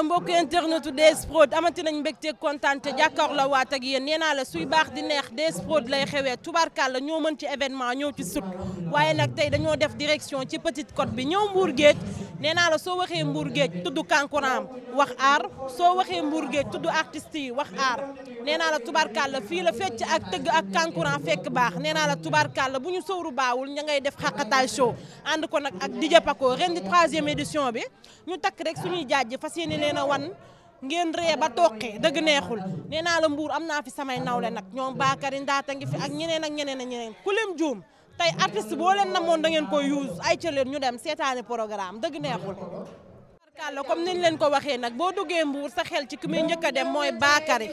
la mbokku internetu DS Prod amati nañ mbégte kontaan te jàkkaarloo waat ak yéen nee la suy baax di neex DS Prod lay xewee la ñoo mën ci événement ñëw ci sut waaye nag tey dañoo def direction ci Petite Côte bi ñëw Mbour Géej nee naa la soo waxee Mbour Géej tudd Kankuram wax aar soo waxee Mbour Géej tudd artistes yi wax aar nee naa la tubarkalla fii la fecc ak tëgg ak kankuran fekk baax nee naa la tubarkalla bu ñu sóoru baawul ña ngay def xaqataay show ànd ko nag ak DJ Paco ren di troisième édition bi ñu takk rek suñuy jaajë fas yéene leen a wan ngeen ree ba toqe dëgg neexul nee naa la mbuur am naa fi samay nawle nag ñoom Bakary Ndaata ngi fi ak ñeneen ak ñeneen ak ñeneen ku lim juum tey artiste boo leen namoon da ngeen koy use ay ca ñu dem seetaani programme dëgg neexul kàlla comme niñ leen ko waxee nag boo duggee Mbour sa xel ci ki muy njëkk a dem mooy Bakary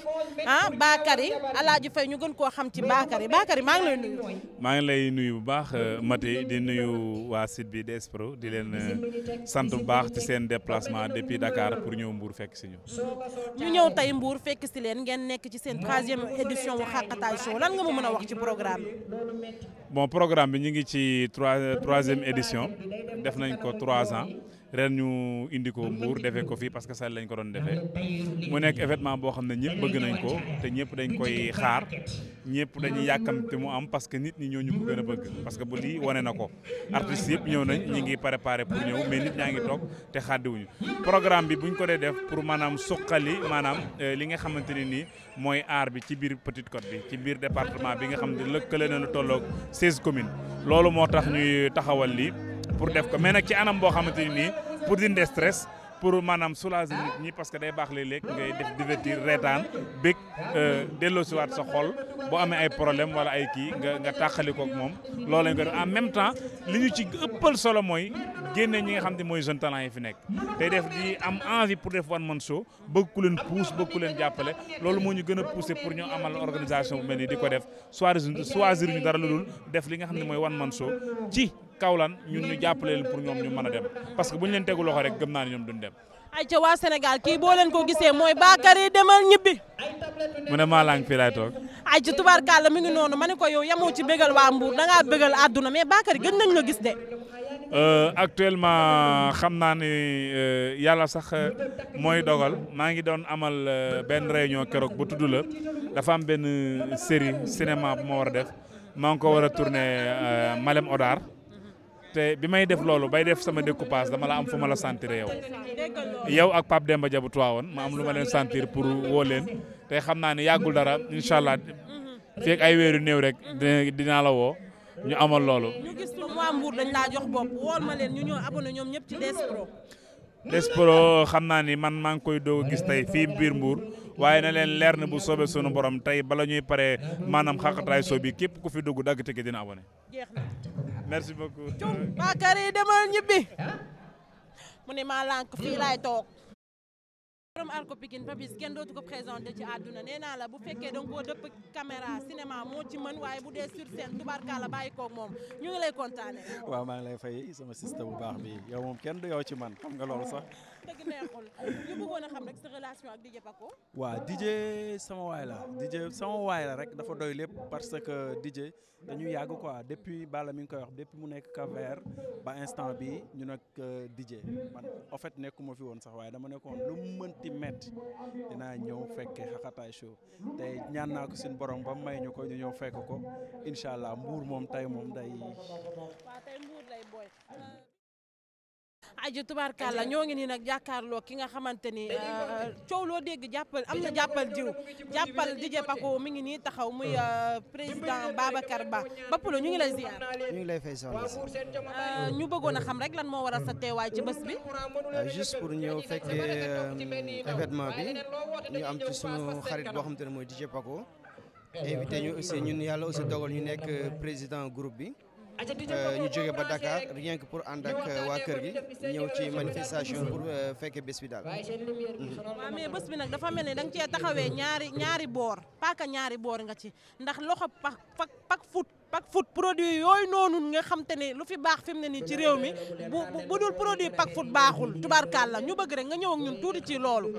ah Bakary Alaaji Fay ñu gën koo xam ci Bakary Bakary maa ngi leen nuyu. maa ngi lay nuyu bu baax euh, Maté di nuyu waa site bi DS Pro di leen euh, sant bu baax ci seen déplacement depuis Dakar pour ñëw Mbour fekk si ñu. ñu ñëw tey Mbour fekk si leen ngeen nekk ci seen troisième édition wu Xaqataay Show lan nga ma mën a wax ci programme bi. bon programme bi ñu ngi ci trois troisième édition def nañ ko trois ans. ren ñu indi ko Mbour defee ko fii parce que sal lañ ko doon defee mu nekk événement boo xam ne ñëpp bëgg nañ ko te ñëpp dañ koy xaar ñëpp dañuy yàkkamte mu am parce que nit ñi ñoo ñu ko gën a bëgg parce que bu lii wane na ko artistes yëpp ñëw nañ ñi ngi préparé pour ñëw mais nit ñaa ngi toog te xàddiwuñu programme bi buñ ko dee def pour maanaam suqali maanaam euh, li nga xamante ne nii mooy aar bi ci biir Petite Côte bi ci biir département bi nga xam ne lëkkale na lu tolloog 16 communes loolu moo tax ñuy taxawal lii pour def ko mais ni nii pour de stress pour maanaam soulager nit ñi parce que day baax léeg-léeg ngay def divertir reetaan bég euh, delloosiwaat sa xool boo amee ay problème wala ay kii nga nga tàqali kook moom loolu lañ ko def en même temps li ñu ci ëppal solo mooy génne ñi nga xam ne mooy jeune yi fi nekk tey def di am envie pour def one man show bëgg ku leen pousse bëgg ku leen jàppale loolu moo ñu gën a poussé pour ñu amal organisation bu mel ni di ko def choisir choisir ñu dara lu dul def li nga xam ne mooy one man show ci Kaolack ñun ñu jàppale leen pour ñoom ñu mën a dem parce que bu ñu leen tegu loxo rek gëm naa ne ñoom duñ dem. ay ca waa Sénégal kii boo leen ko gisee mooy Bakary demal ñibbi. mu ne maa laang fii laay toog. ay ci tubaarkàlla mi ngi noonu ma ne ko yow yamoo ci bégal waa Mbour da ngaa bégal àdduna mais Bakary gën nañ la gis de. Euh, actuellement xam naa ni euh, yàlla sax euh, mooy dogal maa ngi doon amal benn réunion keroog bu tudd la dafa am benn série cinéma bu ma war a def maa ngi ko war a tourné Malem Odar. te bi may def loolu bay def sama découpage dama la am fu ma la sentir yow yow ak Pape Demba Dia bu tuwaawoon ma am lu ma leen sentir pour woo leen te xam naa ne yàggul dara incha allah feeg ay wéeru néew rek dinaa la woo ñu amoon loolu. ñu gis waa Mbour dañ laa jox bopp wool ma leen ñu ñëpp ci DS Pro. xam naa ni man maa ngi koy doog gis tey fii biir mbuur waaye na leen leer na bu soobee sunu borom tey bala ñuy paree maanaam xaqataay soo bi képp ku fi dugg dagg tike dina abonné. merci beaucoup. waa kër yi demal ñibbi. mu ne maa lànk fii laay toog. borom Arko Pikine Papis kenn dootu ko présenté ci àdduna nee naa la bu fekkee danga koo dëpp caméra cinéma moo ci man waaye bu dee sur scène tubaarkaala bàyyi koog moom ñu ngi lay kontaane. waaw maa ngi lay fay sama sista bu baax bi yow moom kenn du yow ci man xam nga loolu sax. dëgg neexul ñu bëggoon a xam rek sa relation ak DJ Paco. waaw DJ sama waay la DJ sama waay la rek dafa doy lépp parce que dije dañu yàgg quoi depuis bala mi ngi koy wax depuis mu nekk Cap-Vert ba instant bi ñu nag euh, DJ man en nekkuma fi woon sax waaye dama nekkoon lu mu mënti métti dinaa ñëw fekkee Xaxataay Show tey ñaan naa ko suñu borom ba may ñu ko ñu ñëw fekk ko incha allah mbuur moom tey moom day. waaw tey mbuur lay booy. aji la ñoo ngi nii nag jàkkaarloo ki nga xamante ni euh, coow loo dégg jàppal am na jàppal diw jàppal DJ Paco mi ngi nii taxaw muy euh, président Babacar Ba ba Pulo ñu ngi lay ziar. ñu ngi lay fay soxna si. Euh, ñu bëggoon a xam rek lan moo war waral sa teewaay ci bés bi. Ah, juste pour ñëw fekkee événement bi ñu am ci sunu xarit boo xam te ne mooy DJ Paco. invité ñu ñun yàlla aussi dogal ñu nekk président group bi. Eh, ñu jóge ba Dakar rien que pour ànd ak eh, waa kër gi ñëw ci manifestation pour hmm. eh, fekke bés bi daal. Hmm. mais bés bi nag dafa mel ni dang nga cee taxawee ñaari ñaari boor paaka ñaari boor nga ci ndax loxo pak pak pak pack food produit yooyu noonu nga xam te lu fi baax fi mu ne nii ci réew mi bu bu dul produit pack food baaxul tubaarkàlla ñu bëgg rek nga ñëw ak ñun tuuti ci loolu.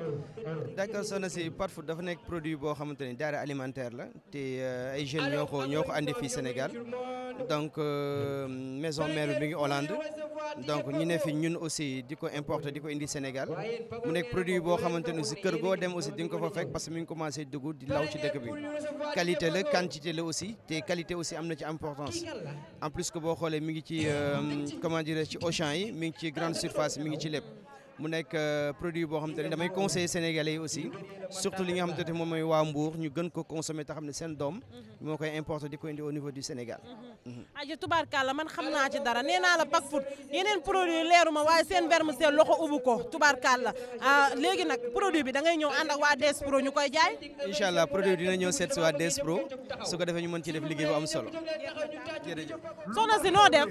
d'accord soxna si pack food dafa nekk produit boo xamante ne denrée alimentaire la te euh, ay jeunes ñoo ko ñoo ko fii Sénégal donc euh, maison mère bi ngi Hollande donc ñu ne fi ñun aussi di ko importer di ko indi Sénégal mu nekk produit boo xamante ne si kër goo dem aussi di ko fa fekk parce que mi ngi commencé dugg di law ci dëkk bi qualité am ci importance en plus que boo xoolee mi ngi ci euh, comment dire ci Auchan yi mi ngi ci grande surface mi ngi ci lépp mu nekk euh, produit boo xam te ne damay conseiller sénégalais yi aussi surtout li nga xam te ne moom mooy waa Mbour ñu gën ko consommer te xam ne seen doom mhm. moo koy importer di ko indi au niveau du Sénégal mhm. Mhm. aja la man xam naa ci dara nee naa la pak food yeneen produit leeru ma waaye seen seen loxo ubbu ko la ah, léegi nag produit bi da ngay ñëw ànd ak waa Despro ñu koy jaay incha allah produit dina ñëw seet si waa Despro su ko defee ñu mën ci def liggéey bu solo jërëjëf soxna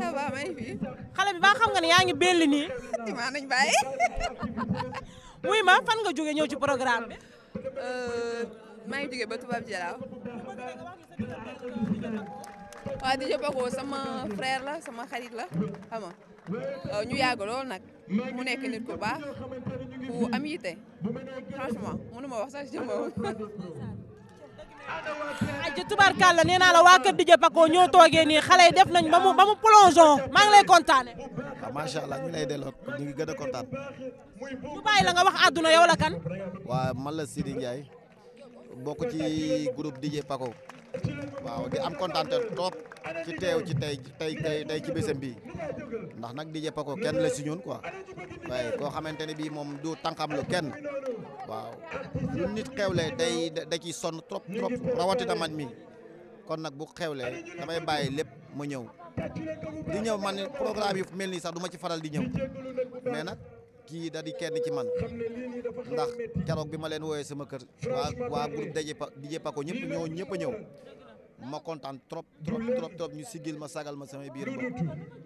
ça va maa ngi fi. xale bi ba xam nga yaa ngi belli nii. maa nañ bàyyi. muy ma fan nga jógee ñëw ci programme bi. Euh, maa ngi jógee ba Tubaab Jalaaw. waaw di Pako sama frère la sama xarit la xam nga euh, ñu yàgg lool nag mu nekk nit ku baax ku am yite franchement aji tubarkàlla nee naa la waa kër Dj ñoo toogee nii xale def nañ ba mu ba maa ngi lay kontaane waaw ah, macha allah ñu lay delloo ñu ngi gën a kontaan ñu bàyyi la nga wax àdduna yow la kan man la Sidi Ndiaye ci groupe Dj Paco waaw di am kontaan trop ci teew ci tey tey tey ci bésam bi ndax nag di jëppa ko kenn la si ñun quoi waaye koo xamante ne bii moom du tànkam lu kenn waaw lu nit xewlee day da ciy sonn trop trop rawatina man mi kon nag bu xewle damay bàyyi lépp mu ñëw di ñëw man programme yi mel nii sax duma ci faral di ñëw mais nag kii da di kenn ci man ndax keroog bi ma leen wooyee sama kër waa waa groupe daje pa dije ñëpp ñëw ñëpp a ñëw ma kontaan trop trop trop trop ñu siggil ma sagal ma samay biir ba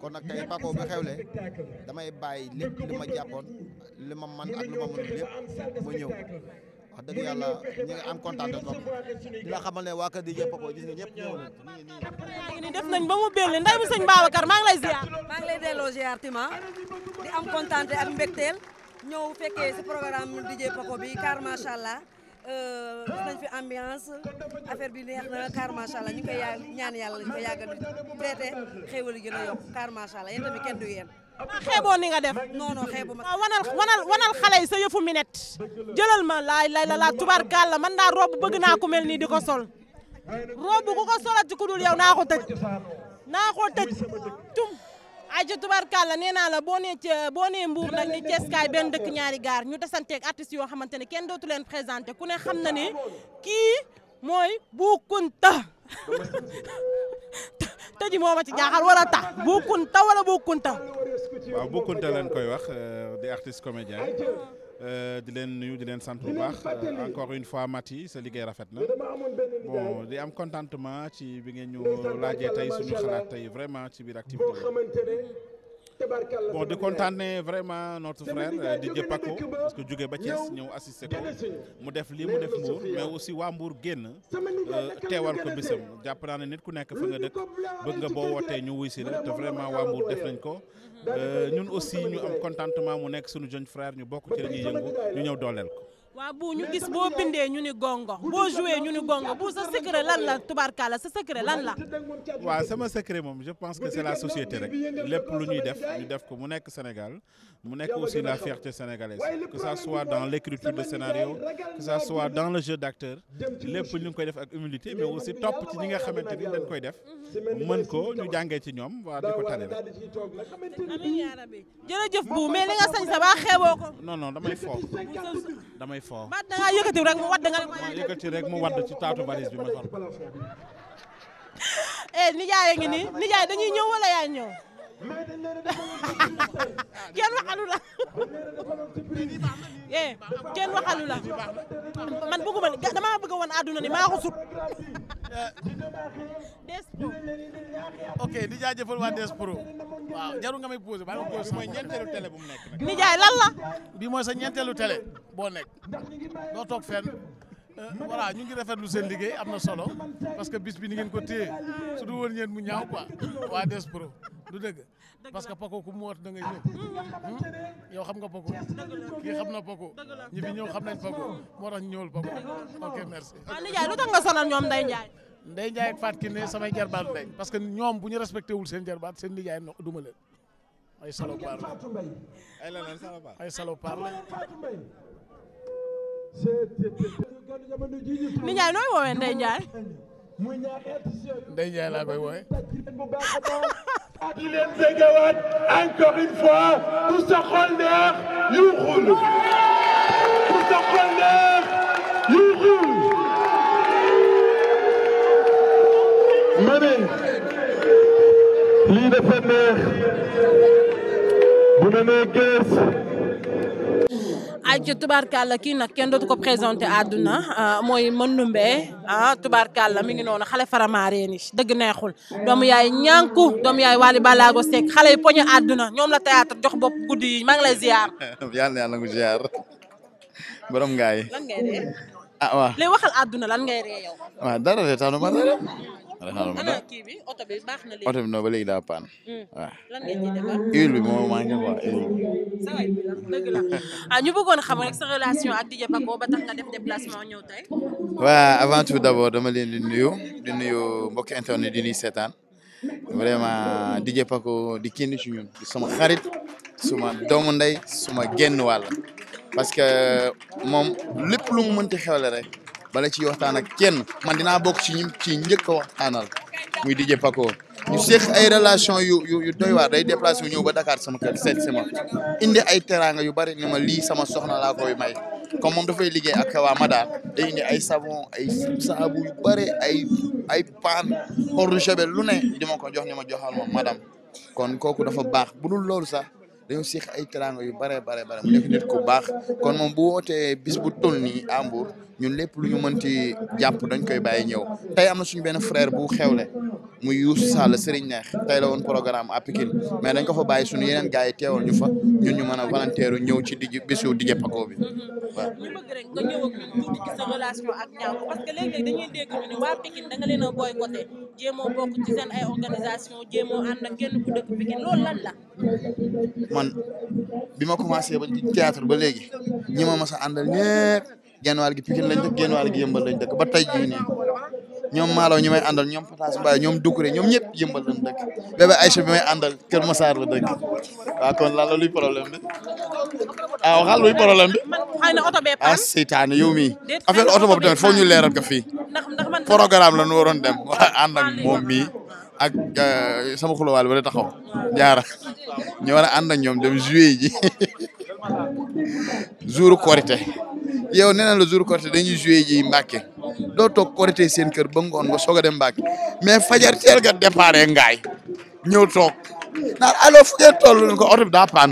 kon nag tey pako bi xewle damay bàyyi lépp li ma jàppoon li ma man ak lu ma mënul lépp ma ñëw wax dëgg yàlla ñu ngi am kontaan trop di la xamal ne waa kër di yëpp ko gis nga ñëpp def nañ ba mu belli nday bu sëñ a maa ngi lay ziar maa ngi lay Tima di am kontaan ak mbégteel ñëw fekkee si programme DJ Paco bi car macha allah euh, gis nañ fi ambiance affaire bi neex na car macha allah ñu koy ñaan yàlla ñu koy yàgg di traité xéwal gi gën yokk car macha allah yéen kenn du yéen maa xeeboon ni nga def non non xeebuma waaw ah, wanal wanal wanal xale sa yëfu minet jëlal ma laay lay la laa man daa robb bëgg naa ku mel nii di ko sol robb ku ko solati ku dul yow naa ko tëj naa ko tëj tum aja tubarkaal la ne naa la boo nee boo nee mbuur nag ni ceeskaay benn dëkk ñaari gaar ñu tasanteeg artistes yoo xamante ne kenn dootu leen présenté ku ne xam na ne kii mooy Bou Kounta tëji moo ma ci jaaxal wala tax bu kunta wala bu kunta waaw bu kunta koy wax euh, di artiste comédien euh, di leen nuyu di leen sant bu baax euh, encore une fois Maty sa liggéey rafet na bon di am contentement ci bi ngeen ñu laajee tey suñu xalaat tey vraiment ci biir activité bon di kontaanee vraiment notre frère euh, Didier Paco parce que jóge ba ci ñëw assisté ko mu def lii mu def Mbour mais aussi waa Mbour génn euh, teewal ko bisam jàpp naa ne nit ku nekk fa nga dëkk bëgg nga boo wootee ñu wuy si la te vraiment waa Mbour def nañ ko euh, ñun aussi ñu am contantement mu nekk suñu jeune frère ñu bokk ci la ñuy yëngu ñu ñëw dooleel ko. waaw bu ñu gis boo bindee ñu ni gongo boo joué ñu ni gongo bu sa secret lan la tubarkalla sa secret lan la. waaw sama secret moom je pense que c'est la société rek lépp lu ñuy def ñu def ko mu nekk Sénégal mu nekk aussi la fierté sénégalaise que sa soit dans l'écriture de scénario que ça soit dans le jeu d'acteur lépp ñu koy def ak humilité mais aussi topp ci ñi nga xamante ni dañ koy def mën ko ñu jàngee ci ñoom waa di ko tane rek. amiin yaa rabbi jërëjëf fo baat yëkkati rek mu wadd nga ne ma yëkkati rek mu wadd ci taatu valise bi ma sol eh ngi nii nijaay dañuy ñëw wala yaay ñëw mais dañ leen a defaloon kenn waxalu la man bëgguma li damaa bëgg woon àdduna ni maa ok di jaajëfal waa DS Pro waaw jaru nga may posé ba mu nekk nijaay lan la mooy sa ñeenteelu télé boo nekk doo toog fenn Euh, voilà ñu ngi refet lu seen liggéey am na solo parce que bis bi ni ngeen ko téye su du woon ngeen mu ñaaw quoi waa DS Pro du dëgg parce que Paco ku mu woot da ñëw hmm? yow xam nga Paco kii xam na Paco ñëw xam nañ Paco moo tax ñu ñëwul Paco ok merci. waaw ah, Ndiaye lu tax nga sonal ñoom Ndeye Ndiaye. Ndeye Ndiaye ak Fatou Kiné samay jarbaat lañ parce que ñoom bu ñu respecté wul seen jarbaat seen nijaay no duma leen ay salopard ay salopard ay Ndeye Ndiaye nooy woowee Ndeye Ndiaye. Ndeye Ndiaye laa koy woowee. di leen déggawaat encore une fois ku sa xol neex yuuxul ku sa xol neex yuuxul. ma ne lii dafa neex bu ne nee gees. aj tubaarkàlla kii nag kenn dootu ko présenté àdduna ah, mooy Mandoumbe ah tubaarkàlla mi ngi noonu xale faramaareen yi dëgg neexul doomu yaay ñànku doomu yaay Wally Ballago Seck xale yi poñe àdduna ñoom la théâtre jox bopp guddi yi maa ngi lay ziar yàlla yàlla ngu ziar borom ngaay lan ngay ree ah waaw léegi waxal àdduna lan ngay ree dara de taanu ma dara ana kii bi bi baax léegi oto bi ba léegi daa paan. Hmm. waaw ah? bi moom maa ngi wax huile bi. sa waay ah, ñu bëggoon xam rek sa relation ak DJ Paco ba tax nga def déplacement ñëw tey. waaw avant tout d'abord dama leen di nuyu di nuyu mbokki internet di nuyu seetaan vraiment DJ Paco di kenn ci ñun di sama xarit suma doomu ndey suma genn wàll parce que moom lépp lu mu mënti xewle rek. bala ci waxtaan ak kenn man dinaa bokk ci ñi ci njëkk a waxtaanal muy DJ Paco ñu seq ay relation yu yu yu doy waar day déplacé yu ñëw ba dakaar sama kër seet si indi ay teraanga yu bari ni ma lii sama soxna laa koy may comme moom dafay liggéey ak waa daal day indi ay savon ay saabu yu bari ay ay paan hors de lu ne di ma ko jox ni ma joxal ma madame kon kooku dafa baax bu dul loolu sax dañu seq ay teraanga yu bare bare bare mu nekk nit ku baax kon moom bu wootee bis bu toll nii à Mbour ñun lépp lu ñu mënti jàpp dañ koy bàyyi ñëw tey am na suñu benn frère bu xewle muy Youssou Sall Serigne Neex tey la woon programme à Pikine mais dañ ko fa bàyyi suñu yeneen gars yi teewal ñu fa ñu mën a volontaire ñëw bi ñëw ci sa relation ak Niankou parce que léeg-léeg dañuy dégg ñu ne waa Pikine da leen a boycotté jéemoo bokk ci seen ay organisation jéemoo ànd kenn ku dëkk Pikine loolu lan la. man bi ma commencé ba théâtre ba léegi ñi ma mas a àndal ñëpp genn wàll gi Pikine lañ dëkk genn wàll gi yëmbal lañ dëkk ba tey jii nii ñoom maalaw ñi may àndal ñoom Pataas Mbaye ñoom Dukure ñoom ñëpp yëmbal lañ dëkk bébé Aïcha bi may àndal Kër Massar la dëkk waaw kon lan la luy problème bi ah waxal luy problème bi ah seytaane yow mii affaire oto boobu tamit foog ñu leeral ko fii programme la ñu waroon dem waa ànd moom mii ak euh, sama xulawaal ba taxaw jaara ñu war ànd ak ñoom dem juillet ji jour korité yow nee na la jour korité dañuy juillet ji Mbàkke doo toog korité seen kër ba ngoon nga soog a dem mbake mais fajar teel nga départ ngaay ñëw toog naan allo fu ngeen toll ko oto bi daa paan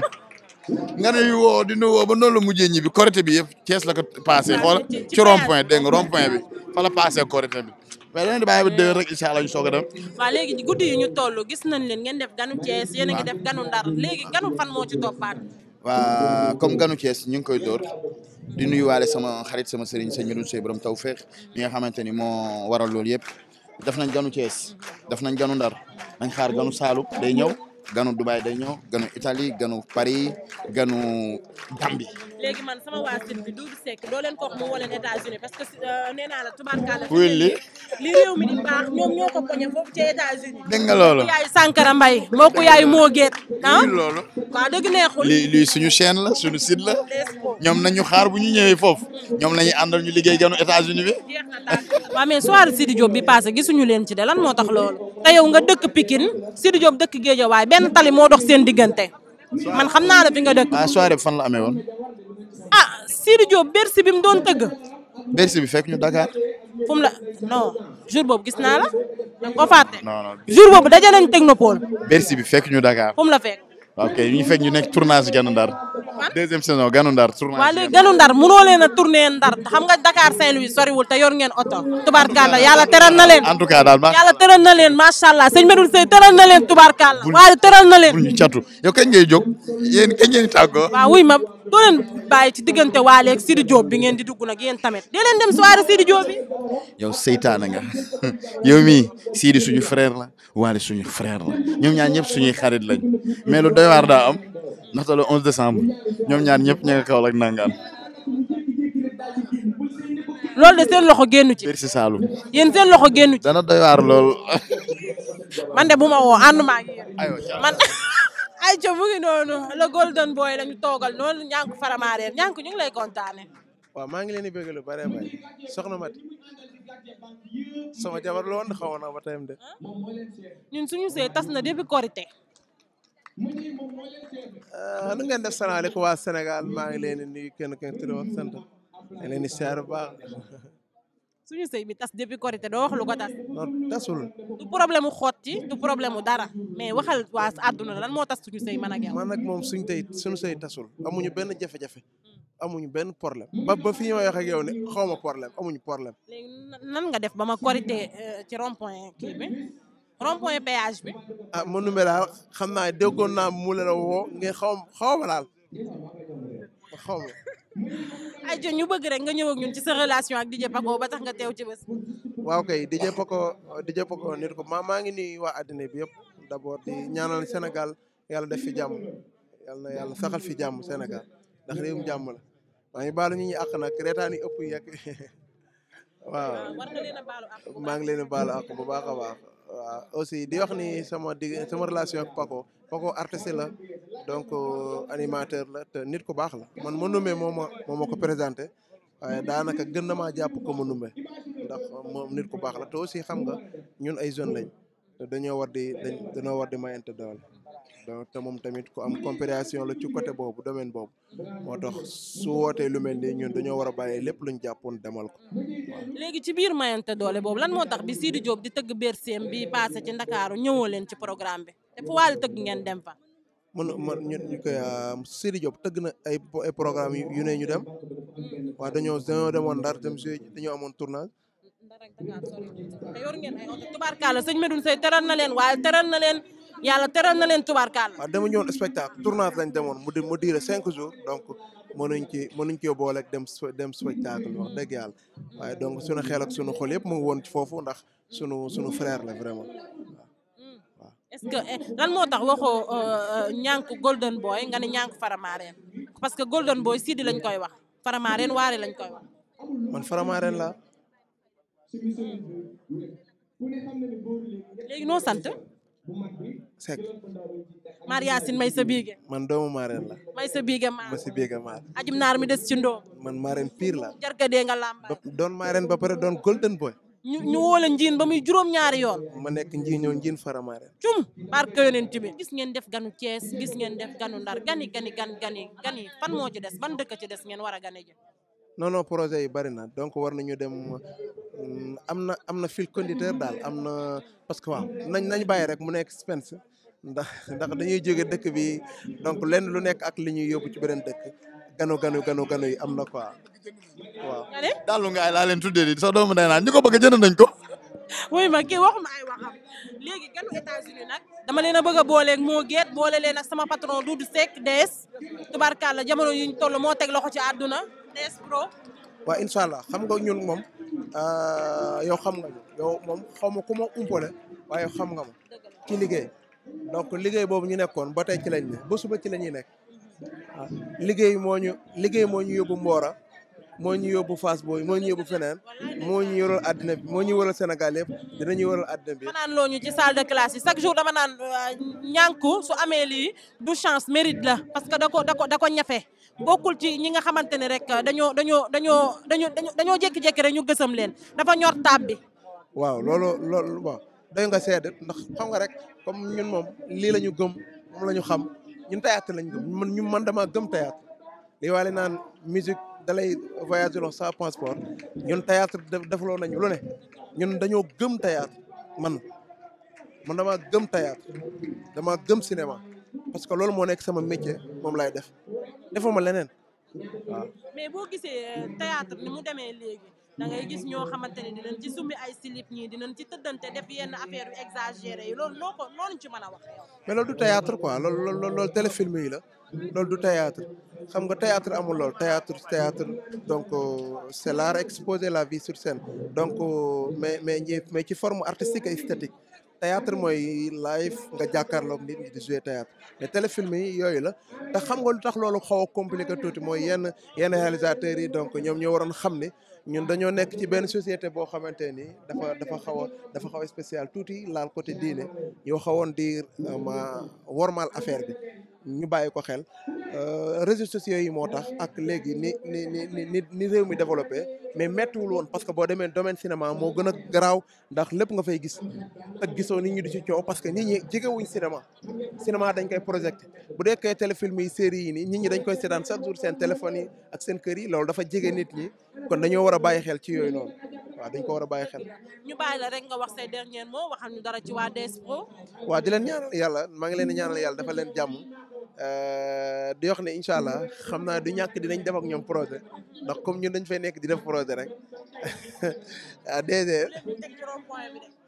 nga ne yu woo di woo ba noonu la mujjee ñibbi korité bi yëpp Thiès la ko passé xoola ci rond point dégg nga bi fa la passé korité bi. mais danañ di bàyyi rek incha allah ñu soog a dem. waaw léegi guddi yi ñu toll gis nañ leen ngeen def ganu Thiès yéen a def ganu Ndar léegi ganu fan moo ci toppaat. waa comme ganu Thiès ñu ngi koy dóor di nuyuwaale sama xarit sama sëriñ sëñ Medoune Seye borom tawféex mi nga xamante ni moo waral loolu yëpp def nañ ganu Thiès def nañ ganu Ndar nañ xaar ganu Saalum day ñëw ganu Dubaay day ñëw ganu Italie ganu Paris ganu Gambie. léegi man sama waa site bi Doudou Seck leen ko wax mu euh, la tubaarkàlla. fuy li li réew mi di ñoom ñoo ko poñe foofu ci États-Unis. dégg nga loolu mbokku yaayu Sankara Mbaye mbokku yaayu moo géet ah dëgg neexul suñu chaîne la suñu site la nañu xaar bu ñu ñëwee foofu ñoom la ñuy àndal ñu liggéey ganu États-Unis bi. waaw mais soir Sidi Diop bi passé gisuñu leen ci de lan moo tax loolu te nga dëkk Pikine Sidi Diop dëkk Guédiawaye benn tali moo dox seen diggante man xam naa la fi nga dëkk. ah soirée fan la amee woon. Sidi Diop Bercy bi mu doon tëgg. Bercy bi fekk ñu Dakar. fu la non jour boobu gis naa la da nga jour boobu daje nañ technopole. Bercy bi fekk ñu Dakar. fu mu la fekk. ok ñu fekk ñu nekk tournage Gànnaar. deuxième saison ganu ndar tournage. waaw léegi ganu ndar munoo leen a tourné ndar xam nga Dakar Saint-Louis soriwul te yor ngeen na leen. en tout cas daal macha allah yàlla teral na leen macha allah sëñ Medoune Seye teral na leen tubaarkàlla. waaye teral na leen. ñu catu yow kañ ngay jóg yéen kañ ngeen tàggoo. waaw wuy ma doo leen bàyyi ci diggante Wally ak Sidi bi ngeen di dugg nag yéen tamit. dee leen dem soirée Sidi Diop bi. yow seytaane nga yo mi Sidi suñu frère la Wally suñu frère la ñoom suñuy xarit lañ mais ndaxte le décembre ñoom ñaar ñëpp ña nga Kaolack nangaan. loolu de seen loxo génn ci. Bercy Saloum. yéen seen loxo génnu ci. dana doy waar lool. man bu ma woo ànduma ak yéen. man ayca mu ngi noonu le golden boy lañu toogal noonu ñànk ngi lay kontaane. waaw maa ngi leen di bëgg lu bare bay la woon xawoon na ba na depuis Korité. Ah, nu ngeen def salaamaaleykum waa Sénégal maa ngi leen di nuyu kenn kenn tudd wax sant maa leen suñu sey bi tas depuis Korité doo wax lu ko tas. non tasul. du problème mu xotti du problème mu dara mais waxal waa aduna lan moo tas suñu sëy man ak yow. man ak moom suñu tey suñu sëy tasul amuñu benn jafe-jafe. amuñu benn problème ba ba fi ñu may wax yow xaw ma problème amuñu problème. léegi nan nga def ba ma Korité euh, ci rond point rond point péage bi. ah man daal xam naa déggoon naa mu leen woo ngay xaw xaw ma daal ay jën ñu bëgg rek nga ñëw ñun ci sa relation ak DJ Paco ba tax nga teew ci bés. waaw kay DJ Paco nit ko maa maa ngi nii waa àddina bi yëpp d'abord di ñaanal senegal yàlla def fi jam yàlla saxal fi jàmm senegal ndax réewum jàmm la maa ngi baalu ñu ñuy àq nag reetaan yi waaw. war leen a baalu àq maa waaw aussi di wax ni sama di sama relation ak Paco Paco artiste la donc euh, animateur la te nit ku baax la man ma numee moom ma ma ko présenté waaye daanaka gën na maa jàpp ko ma numee ndax moom nit ku baax la te aussi xam nga ñun ay jeunes lañ te dañoo war di dañ dañoo war di mayante doole donc te moom tamit ku am compréhension la ci côté boobu domaine boobu moo tax su wootee lu mel nii ñun dañoo war a bàyyi lépp luñ jàppoon demal ko. léegi ci biir mayante doole boobu lan moo tax bi Sidi Diop di tëgg berseem bi passé ci Ndakaaru ñëwoo leen ci programme bi te fu waale tëgg ngeen dem fa. man man ñun ñu koy ah, Sidi tëgg na ay ay programme yu ne ñu dem hmm. waaw dañoo dañoo demoon Ndar dem dañoo amoon tournage. te yor ngeen ay oto tubaarkaala sëñ teral na leen waaye teral na leen yàlla teral na leen tubaar tubaarkaala. waaw dama ñëwoon spectacle tournage lañ demoon mu di mu diire cinq jours donc mënuñ ci mënuñ cee boole ak dem dem spectacle wax dëgg yàlla waaye donc suñu xel ak suñu xol yëpp mu woon ci foofu ndax sunu suñu frère la vraiment waaw. Hmm. est-ce que eh, lan moo tax waxoo euh, euh, ñànku golden boy nga ne ñànku Faramareen parce que golden boy Sidi lañ koy wax Faramareen waare lañ koy wax. man Faramareen la léegi noo sant. Seck. Maria may sa biige. man doomu Mareen la. may sa biige maar ma si biige maar. ajum naar mi des ci ndoom. man Mareen piir la. jargadee nga làmbaay. doon Mareen ba pare doon golden boy. ñu ñu woo la njiin ba muy juróom-ñaari yoon. ma nekk njiin ñëw njiin fara Mareen. cum barke yonent bi. gis ngeen def ganu Thiès gis ngeen def ganu Ndar gani gani gan fan moo ci des ban dëkk ci des ngeen war a gane nono projet yi bari na donc war nañu dem Mm, am na am na fil conducteur daal am na parce que waaw nañ nañ bàyyi rek mu nekk suspense ndax ndax dañuy jóge dëkk bi donc lenn lu nekk ak lu ñuy yóbbu ci beneen dëkk ganu ganu ganu yi am na ko waaw. daalu ngaay laa leen tuddee di sax doomu day naan ñu ko bëgg jënd nañ ko. wuy ma kii waxuma waxam léegi ganu États-Unis nag dama leen a bëgg a booleeg moo geet boole leen ak sama patron Doudou Seck DS tubarkalla jamono yuñ toll moo teg loxo ci àdduna DS Pro. waaw incha allah xam nga ñun moom euh, yow xam nga ñu yow moom xaw ma ku ma umpale waaye xam nga ma ci liggéey donc liggéey boobu ñu nekkoon ba tey ci lañ ne ba suba ci la nekk liggéey moo ñu liggéey moo ñu yóbbu Mbora moo ñu yóbbu Fass booy moo ñu yóbbu feneen moo ñu yoral àddina bi moo ñu waral Sénégal yëpp dinañu waral àddina bi. fanaan loo ñu ci salle de classe yi chaque jour dama naan euh, ñànku su amee lii du chance mérite la parce que da ko da ko da ko bokkul ci ñi nga xamante ne rek dañoo dañoo dañoo dañoo dañoo jékki-jékki rek ñu gësam leen dafa ñor taab waaw loolu loolu waaw nga seede ndax xam nga rek comme ñun moom lii la ñu gëm moom la ñu xam ñun théâtre lañ man ñu man dama gëm théâtre li waale dalay voyage loo sa passeport ñun théâtre defloo nañu lu ne ñun dañoo gëm théâtre man man damaa gëm théâtre damaa gëm cinéma parce que loolu moo nekk sama métier moom laay def ma leneen mais boo gisee euh, théâtre ni mu demee léegi da gis ñoo xamante ne dinañ ci summi ay slip ñii dinañ ci tëddante def yenn affaire exagéré yi loolu noo ci mën a wax. mais loolu du théâtre quoi loolu loolu loolu téléfilm yi la. loolu du théâtre xam nga théâtre amul lool théâtre théâtre donc euh, c'est l'art exposer la vie sur scène donc euh, mais mais mais ci forme artistique et esthétique théâtre mooy live nga jàkkaarloog nit ñi di jouer théâtre mais téléfilm yi yooyu la te xam nga lu tax loolu xaw a compliqué tuuti mooy yenn yenn réalisateurs yi donc ñoom ñoo waroon xam ne ñun dañoo nekk ci benn société boo xamante ni dafa dafa xaw a dafa xaw a spécial tuuti laal côté diine ñoo xawoon di euh, ma wormaal affaire bi ñu bàyyi ko xel euh, réseaux sociaux yi moo tax ak léegi ni ni ni ni ni réew mi développé mais méttiwul woon parce que boo demee domaine cinéma moo gën a garaaw ndax lépp nga fay gis a gisoo nit ñu di ci coow parce que nit ñi jegewuñ cinéma cinéma dañ koy projecté bu dee koy téléfilm yi série yi nii nit ñi dañ koy seetaan chaque jour seen téléphone yi ak seen kër yi loolu dafa jege nit ñi kon dañoo war a bàyyi xel ci yooyu noonu waaw ko war a bàyyi xel. ñu bàyyi la rek nga wax say dernier mot waxal ñu dara ci waa DS Pro. waaw di leen ñaanal yàlla maa ngi leen di ñaanal yàlla dafa leen jàmm di wax ne incha allah xam naa du ñàkk dinañ def ak ñoom projet ndax comme ñun dañ fee nekk di def projet rek ah déedéet.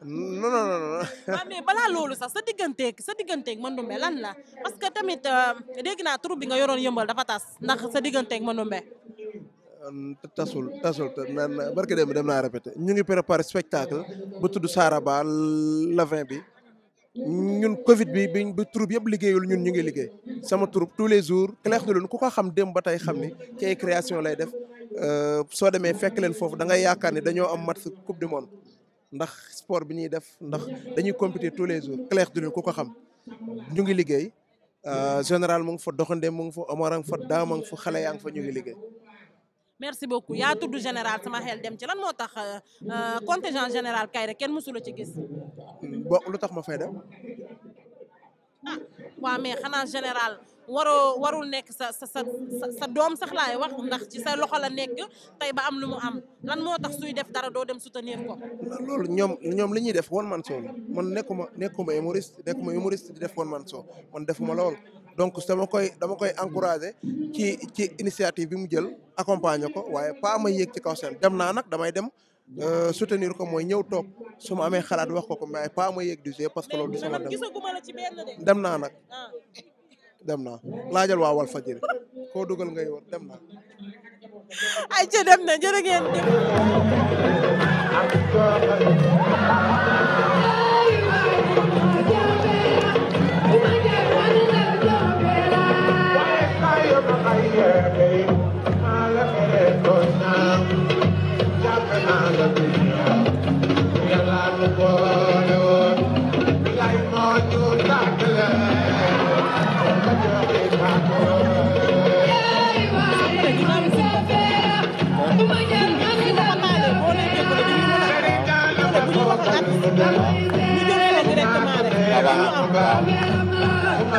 non non non non. waaw mais balaa loolu sax sa digganteeg sa digganteeg Mandoumbe lan la parce que tamit euh, dégg naa tur bi nga yoroon yëmbal dafa tas ndax sa digganteeg Mandoumbe. tasul tasul naan barke dem dem naa répété ñu ngi préparé spectacle ba tudd Saraba la vin bi ñun Covid bi bi bi troupe yëpp liggéeyul ñun ñu ngi liggéey sama troupe tous les jours clair de lune ku ko xam démb ba tey xam ni ci ay création lay euh, soo demee fekk leen foofu da ngay yaakaar ne dañoo am match coupe du ndax sport bi ñuy def ndax dañuy compéter tous les jours clair de ku ko xam ñu ngi liggéey euh, général mu ngi fa doxandéem mu ngi fa Omar a ngi fa Dama a ñu ngi liggéey. merci beaucoup yaa tudd général sama xel dem ci lan moo tax euh, euh, contingent général Kairé kenn mësula ci gis. bo lu tax ma fay dem. ah waaw mais xanaa général waroo warul nekk sa sa sa sa doom sax laay wax ndax ci sa loxo la nekk tey ba am lu mu am lan moo tax suy def dara doo dem soutenir ko. loolu ñoom ñoom li ñuy def one man show man nekkuma nekkuma humoriste nekkuma humoriste di def one man show man defuma lool donc sama koy dama koy encouragé ci ci initiative bi mu jël accompagner ko waaye pas ma yéeg ci kaw seen dem na nag damay dem euh, soutenir ko mooy ñëw toog su ma amee xalaat wax ko ko mais pas ma yéeg du jeu que loolu du sama dem dem naa nag ah. dem naa laajal waa Walfadjri koo dugal ngay war dem naa ay ca dem na jërë ngeen dem Maria,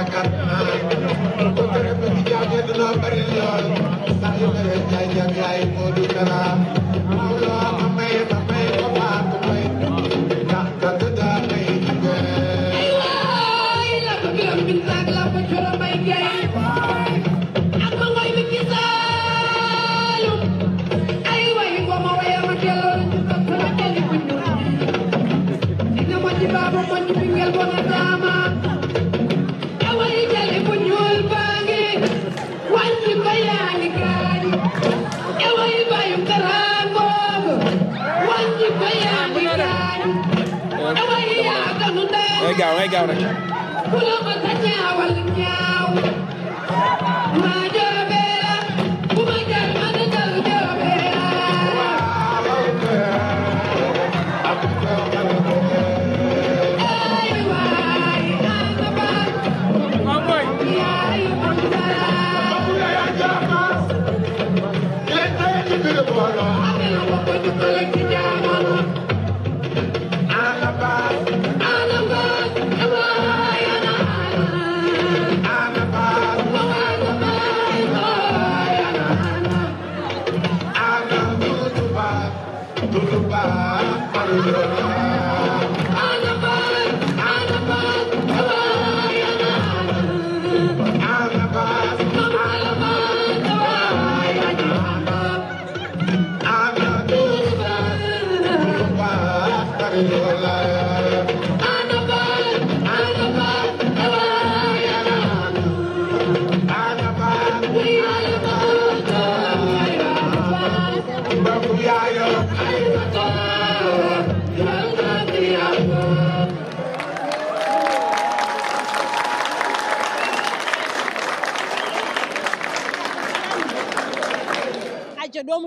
yaakaar naa ne ko tere ba ci jaajëf dinaa bëri lool ndax yow da ngay jaajëf yaay Modou Kara gaaw rek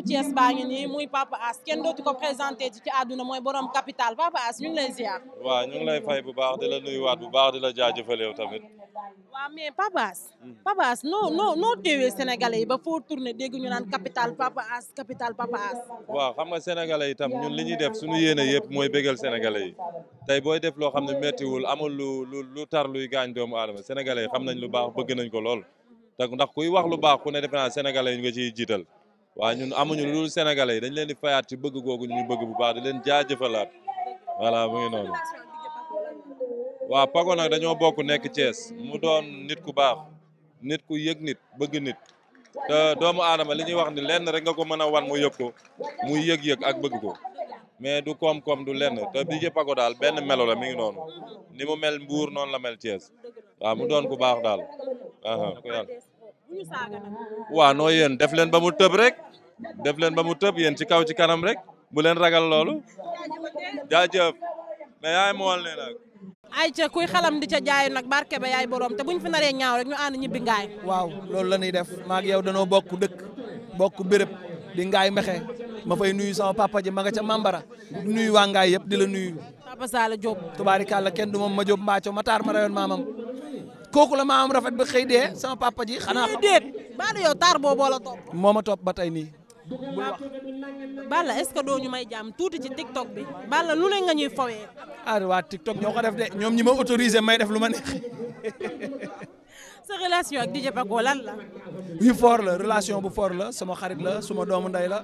ci baa ngi nii muy Papa As kenn dootu ko présenté ci àdduna mooy borom capital Papa As ñu lay ziar. waaw ñu ngi lay fay bu baax di la nuyuwaat bu baax di la jaajëfal yow tamit. waaw mais Papa As. Hmm. Papa As noo noo yi ba foo tourné dégg ñu naan capital Papa As capital Papa waaw xam nga sénégalais yi tam ñun li ñuy def suñu yéene yëpp mooy bégal sénégalais yi tey booy def loo xam ne méttiwul amul lu lu lu tar luy gaañ doomu aadama sénégalais yi xam nañ lu baax bëgg nañ ko lool. te ndax kuy wax lu baax ku ne defe naa sénégalais yi nga ciy jiital waaye ñun amuñu lu dul sénégalais yi dañ leen di fayaat ci bëgg googu ñu bëgg bu baax di leen jaajëfalaat voilà mu ngi noonu. waaw Pago nag dañoo bokk nekk Thiès mu doon nit ku baax nit ku yëg nit bëgg nit doomu aadama li ñuy wax ni lenn rek nga ko mën a wan mu yëg muy yëg-yëg ak bëgg ko mais du koom-koom du lenn te DJ Pago daal benn melo la mi ngi noonu ni mu mel mbuur noonu la mel Thiès waaw mu doon ku baax daal. waaw noo yéen def leen ba mu tëb rek def leen ba mu tëb yéen ci kaw ci kanam rek bu leen ragal loolu jaajëf mais yaay mool ne nag ay ca kuy xalam di ca jaay nag barke ba yaay borom te buñ fi naree ñaaw rek ñu ànd ñibbi ngaay waaw loolu la ñuy def maag yow danoo bokk dëkk bokk bërëb di ngaay mexe ma fay nuyu sama papa ji ma nga ca mambara nuyu wangaay ngaay yëpp di la nuyu papa Sala Diop tubaarikàlla kenn du moom ma Diop mbaaco ma taar ma maamam kooku la maam rafet ba xëy dee sama papa ji xanaa. déet Balla yow taar booboo la topp. moo ma topp ba tey nii. bul wax Balla ce que doo ñu may jàmm tuuti ci TikTok bi. Balla lu ne nga ñuy fawee. ah ñoo ko def de ñoom ñi ma autorisé may def lu ma neex. sa relation ak DJ Paco lan la. yu fort la relation bu fort la sama xarit la suma doomu ndey la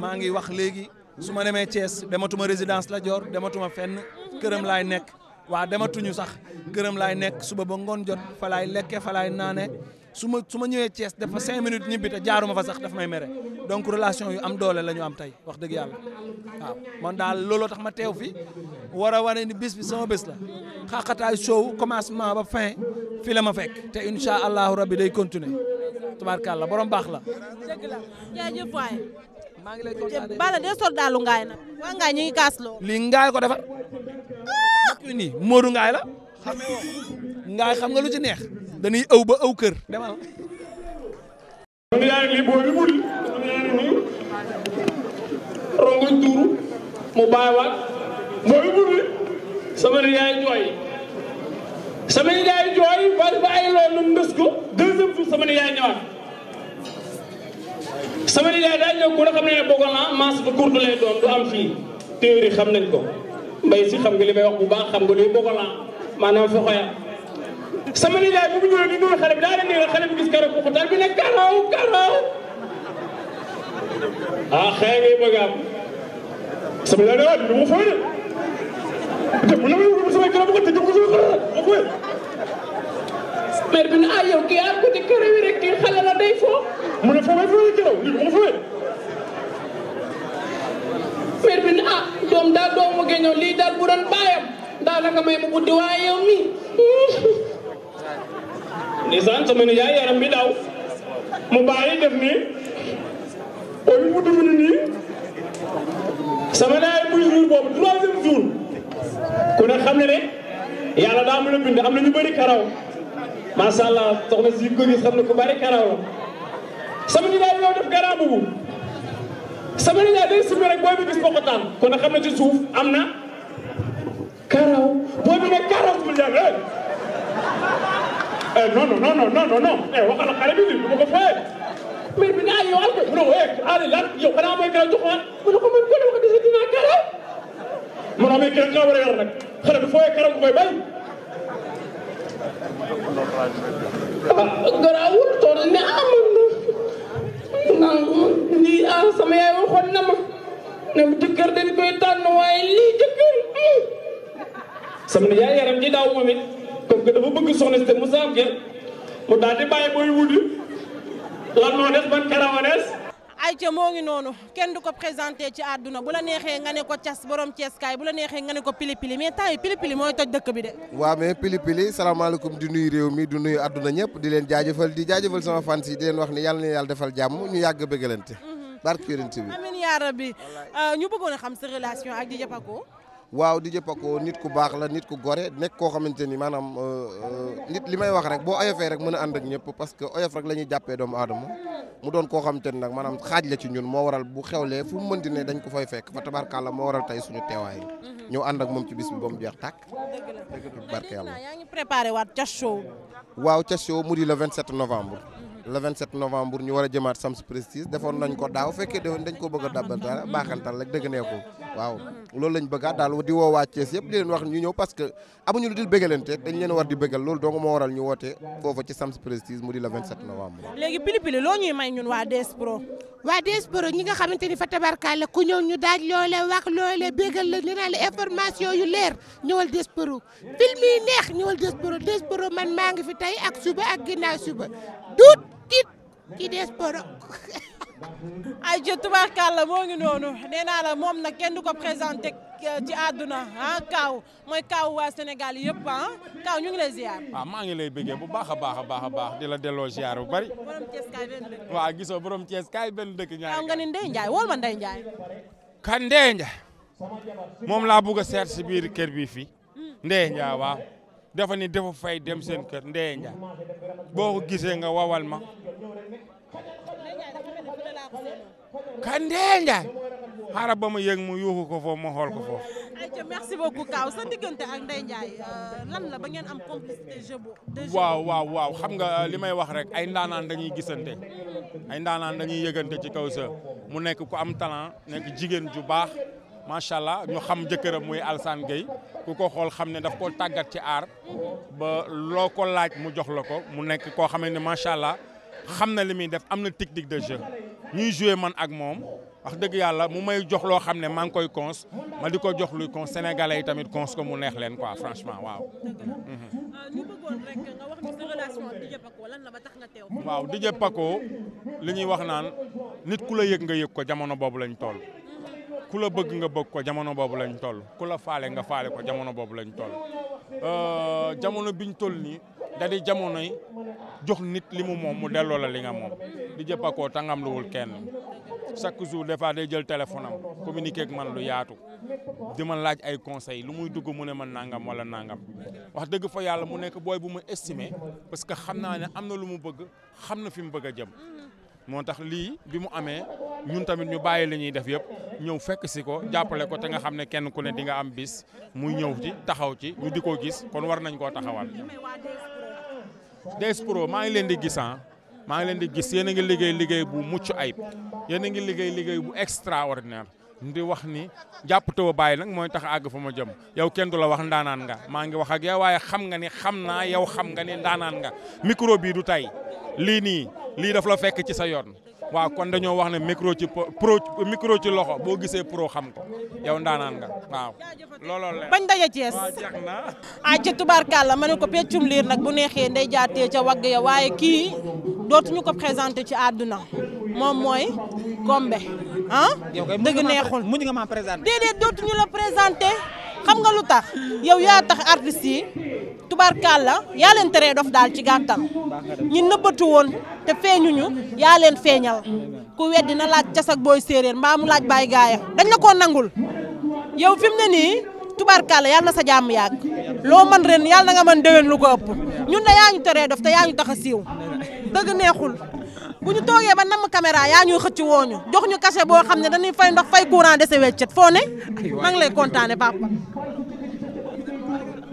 maa ngi wax léegi su ma demee Thiès dematuma résidence la joor dematuma fenn këram laay nekk. waa dematuñu sax këram laay nekk suba ba ngoon jot fa laay lekke fa laay naane su ma su ma ñëwee Thiès dafa cinq minutes ñibbi te jaaruma fa sax daf may mere donc relation yu am doole la ñu am tey wax dëgg yàlla waaw man daal looloo tax ma teew fi war a wane ni bis bi sama bés la xaqataay show commencement ba fin fi la ma fekk te incha allahu rabbi day continuer tubaarkàlla borom baax la. dëgg la maa ngi lay kontaanee bala de sol daalu ngaay na waa ngaay ñu ngi kaas loo. lii ngaay ko defar. Ah! kii nii Modou ngaay la. xam nga ngaay xam nga lu ci neex. dañuy ëw ba ëw kër demal. kon yaa ngi yaay jooy sama yaay jooy ba ay loolu ndës ko deuxième jour sama yaay ñëwaat. sama nijaay daa ñëw ku ne xam ne ne bokkal naa masse bu courte lay doon du am fii théorie xam nañ ko mbay si xam nga li may wax bu baax xam nga lii bokkal naa maanaam foxoya sama nijaay bu ñu di nuyu xale bi daa leen di xale bi gis bi ne karaw karaw ah xëy ngay bëgg am sama nijaay ne waat du ma fooy de te bu la may wut sama karaw bu ko tëjee ko sama maire bi ne ah yow kii àll ko di kër yi rek kii day foo mu ne foo may fooy jëlaw lii ah, daal doomu géñoo lii daal bu doon baayam daanaka may mu buddi waaye yow mii. ndeysaan sama ne yaay yaram bi daw mu bàyyi def nii au mu dugg nii sama naay buy jour ku ne xam ne ne yàlla daa mën a bind am na ñu bëri karaw. macha allah soxna si ko gis ku bari karaw la sama nijaay yow def garab bu sama nijaay day simbi rek booy bi gis poqotaan kon na xam ne ci suuf am na karaw booy bi ne karaw mu njàng eh. eh non non non non non non eh waxal ak xale bi du ma ko fayee mais bi naa ah, yow al ko munoo eh ali lan yow xanaa mooy karaw joxoon mu ne ko man ko dama ko dese dinaa karaw mu ne amee karaw nga war a yor nag xale bi fooyee karaw koy bay garaawul toog ne ah man naan lii ah sama yaay waxoon na ma ne bu jëkkër dañ koy tànn waaye lii jëkkër sama nijaay yaram ji daaw moom it comme dafa bëgg soxna te mu saaf mu daal di bàyyi booy wuti lan moo des ban karawanees ay ayca moo ngi noonu kenn du ko présenté ci àdduna bu la neexee nga ne ko cas borom ceeskaay bu la neexee nga ne ko pili pili mais temps yi pili pili mooy toj dëkk bi de. waaw mais pili pili salaamaaleykum di nuyu réew mi di nuyu adduna ñëpp di leen jaajëfal di jaajëfal sama fans yi di leen wax ni yàlla na yàlla defal jàmm ñu yàgg bëggalante. Mhm. barke yonent bi amiin euh, ñu bëggoon xam sa relation ak Dj Paco. waaw Dj Paco nit ku baax la nit ku gore nekk koo xamante ni maanaam euh, euh, nit li may wax rek boo oyofee rek mën a ànd ak ñëpp parce que oyof rek la ñuy jàppee doomu aadama mu doon koo xamante ni nag maanaam xaaj la ci ñun moo waral bu xewlee fu mën di ne dañ ko fay fekk fa tabarkàlla moo waral tey suñu teewaay mhm. ñëw ànd ak moom ci bis bi ba jeex tàkk. dëgg yàlla yaa ngi waaw Thiat Show mu di le 27 novembre. le 27 novembre ñu war a jëmaat Sams Prestige defoon nañ ko daaw fekkee déwén dañ ko bëgg a dabal baaxantal rek dëgg nee ko waaw loolu lañ bëggaat daal di woo waa yëpp leen wax ñu ñëw parce que amuñu lu dul bëggalante dañ leen war di bëggal loolu dong moo may ñun waa DS Pro. waa DS Pro ñi nga xamante fa tabarkaale ku ñëw ñu daaj loole wax loole bëggal la nee naa la information yu leer ñëwal DS Pro film neex ñëwal tiit kii des ay jo tubaarkàlla moo ngi noonu nee naa la moom nag kenn du ko présenté euh, ci àdduna ah kaaw mooy kaaw waa Sénégal yëpp ah kaaw ñu ngi lay ah, maa ngi lay bëggee bu baax a baax a baax a baax di la delloo ziar bu bari. borom Thiès kaay benn dëkk. waaw gisoo borom Thiès kaay benn dëkk ñaari. kaaw bugg a seet si kër bi fii. Hmm. dafa ni dafa fay dem seen kër Ndeye Ndiaye boo ko gisee nga wawal ma ka Ndeye Ndiaye ba ma yëg mu yuuxu ko foofu ma xool ko foofu. ayca euh, waaw waaw waaw xam nga li may wax rek ay ndaanaan dañuy gisante ay ndaanaan dañuy yëgante ci kaw sa mu nekk ku am talent nekk jigéen ju baax. macha allah ñu xam jëkkëram muy Alassane Gueye ku ko xool xam ne daf ko tàggat ci aar ba loo ko laaj mu jox la ko mu nekk koo xam ne macha allah xam na li muy def am na technique de jeu ñuy joué man ak moom wax dëgg yàlla mu may jox loo xam ne maa ngi koy cons ma di ko jox luy cons sénégalais yi tamit cons ko mu neex leen quoi franchement waaw. Euh, ñu bëggoon rek waaw Dj Paco li ñuy wax naan nit ku la yëg nga yëg ko jamono boobu lañ tool ku la bëgg nga bëgg ko jamono boobu lañ toll ku la faale nga faale ko jamono boobu lañ tol euh, jamono biñ toll nii da di jox nit li mu moom mu delloola li nga moom di jëppakoo tangam luwul kenn chaque jour des fois day jël téléphone am communiquer ak man lu yaatu di ma laaj ay conseil lu muy dugg mu ne ma nangam wala nangam wax dëgg fa yàlla mu nekk booy bu ma estimé parce que xam naa ne am na lu mu bëgg xam na fi mu bëgg a jëm moo tax lii bi mu amee ñun tamit ñu bàyyi li ñuy def yëpp ñëw fekk si ko jàppale ko te nga xam ne kenn ku ne di nga am bis muy ñëw ci taxaw ci ñu di ko gis kon war nañ koo taxawal. DS Pro maa ngi leen di gis ah. maa ngi leen di gis yéen a ngi liggéey liggéey bu mucc ayib yéen a ngi liggéey liggéey bu extraordinaire. di wax ni jàpp tawa bàyyi nag mooy tax àgg fa ma jëm yow kenn du la wax ndaanaan nga maa ngi wax ak yow waaye xam nga ni xam naa yaw xam nga ni ndaanaan nga micro bii du tey lii nii lii daf la fekk ci sa yoon waaw kon dañoo wax ne micro ci pro micro ci loxo boo gisee pro xam ko yow ndaanaan nga waaw. looloo la bañ daje Thiès waaw jeex na. ah ma ne ko peccum liir nag bu neexee ndey jaatee ca wagg ya waaye kii dootuñu ko présenté ci àdduna moom mooy Kombe. ah dëgg neexul mujj nga ma présenté déedéet dootuñu la présenté xam nga lu tax yow yaa tax artistes yi tubarkaal la yaa leen teree dof daal ci gàttal ñu nëbbatu woon te feeñuñu yaa leen feeñal ku weddi na laaj casak booy séeréer mbaa mu laaj baay gaaya dañ la koo nangul yow fi mu ne nii tubarkaal la yàlla na sa jàmm yàgg loo mën ren yàlla na nga man déwén lu ko ëpp ñun da yaa ñu teree dof te yaa ñu tax a siiw dëgg neexul bu ñu toogee ba namm caméra yaa ñuy xëcc wooñu jox ñu kase boo xam ne dañuy fay ndox fay courant dese weccet foo ne maa ngi lay kontaane papa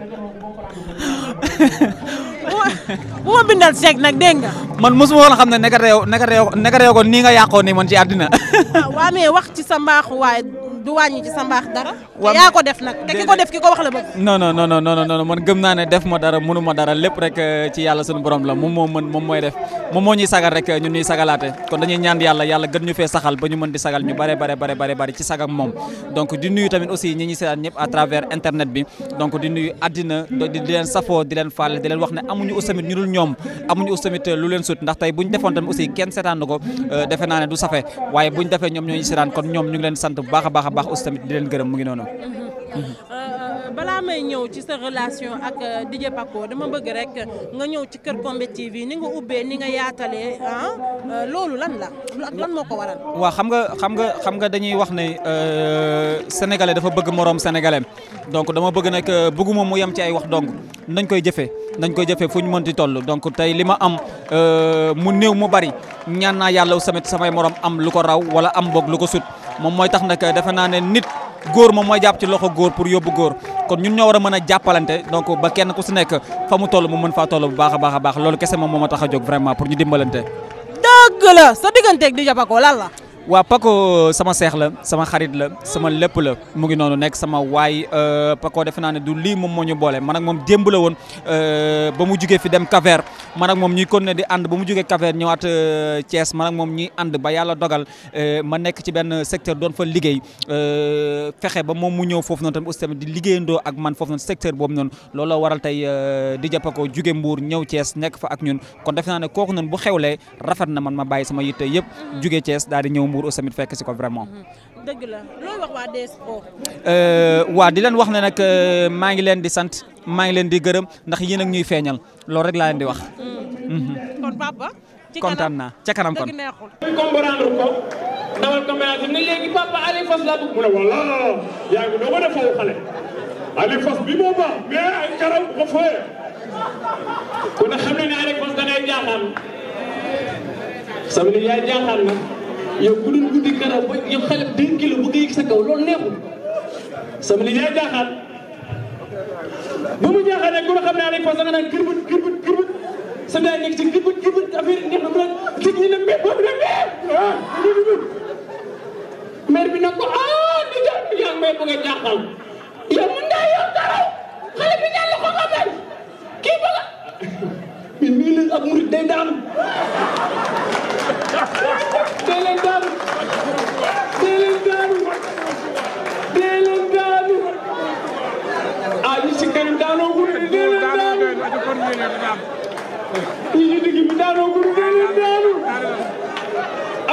bu ma bindal chèque nag dégg man mosuma woon xam ne naka réew naka réew naka réew nii nga yàqoo nii man ci àddina. waaw mais wax ci sa mbaaxu waaye du wàññi ci sa mbaax dara. waaw yaa ko def nag te ki ko def ki ko wax la ba non non non non non man gëm naa ne def ma dara mënuma dara lépp rek euh, ci yàlla suñu borom la moom moo mën moom mooy def moom moo ñuy sagal rek ñun ñuy sagalaate kon dañuy ñaan yàlla yàlla gën ñu fee saxal ba ñu mën di sagal ñu bare bare bare bare ci sagam moom donc di ñëpp à travers internet bi dina di leen safoo di leen fàlle di leen wax ne amuñu us tamit ñu dul ñoom amuñu us tamit lu leen sut ndax tey buñ defoon tamit aussi kenn seetaan na ko euh, defe naa ne du safe waaye buñ defee ñoom ñooñu seetaan ñoom ñu ngi leen sant bu baax a baax a baax aussi tamit di leen gërëm mu ngi noonu mm-hmm. Mm-hmm. Euh, balaa may ñëw ci sa relation ak euh, DJ Paco dama bëgg rek nga ñëw ci Kër Kombé TV ni nga ubbee ni nga yaatalee ah, euh, loolu lan la lan moo ko waral. waaw xam nga xam nga xam nga dañuy wax ne euh, sénégalais dafa bëgg moroom sénégalais donc dama bëgg nag bëgguma mu yem ci ay wax donc nañ koy jëfee nañ koy jëfee fu ñu mënti toll donc tey li ma am mu néew mu bari ñaan naa yàlla samay samay moroom am lu ko raw wala am boog lu ko sut moom mooy tax nag defe naa ne nit. góor moom mooy jàpp ci loxo góor pour yóbbu góor kon ñun ñoo war a mën a jàppalante donc ba kenn ku si nekk fa mu toll mu mën faa toll bu baax a baax a baax loolu kese moom moo ma tax a jóg vraiment pour ñu dimbalante. dëgg la sa digganteeg di jàppakoo lan la. waa Paco sama seex la sama xarit la sama lépp la mu ngi noonu nekk sama waay euh, Paco defe naa ne du lii moom moo ñu boole man ak moom démb la woon euh, ba mu jugee fi dem Cap-Vert man ak moom ñuy continuer di ànd ba mu jugee cap ñëwaat euh, Thiès man ak moom ñuy ànd ba yàlla dogal ma nekk ci benn secteur doon fa liggéey fexe ba moom mu ñëw foofu noonu tamit aussi tamit di liggéeyandoo ak man foofu noonu secteur boobu noonu looloo waral tey Dj Paco jugee mbuur ñëw cees nekk fa ak ñun kon defe naa ne kooku noonu bu xewlee rafet na man ma bàyyi sama yitte yëpp jugee Thiès daal di ñëw Mbour aussi fekk si ko vraiment. Mm-hmm. dëgg la euh, waa di leen wax ne nag euh, maa ngi leen di sant maa ngi leen di gërëm ndax yéen ak ñuy feeñal lool rek laa leen di wax. Mm-hmm. kon papa. ci kanam kontaan naa ca kanam kon. muy comprendre ko yaa ngi doog a xale. Aliou Fass bi moo baax ay karaw ko fooyee. kon xam ne Aliou Fass da ngay jaaxaan. sabali yaay jaaxaan na. yow bu dul guddi gën a ba yow xale bi bu nga sa kaw loolu neexul sama liggéey jaaxal bu mu jaaxal rek bu xam ne rek parce que naan gërbut gërbut gërbut sa gars yi nekk ci gërbut gërbut affaire yi neex na mu naan tëj ñu ne mbéb boobu ne mbéb ah maire bi nag ko ah di jar yaa ngi may bëgg a jaaxal yow mun naa yor dara xale bi ñaan la ko xamal kii bëgg ni nii la ak murit day daanu dee leen daanu dee leen daanu si ah, kanam daanoo gul dee leen daanu ñu si digg bi daanoo gul dee leen daanu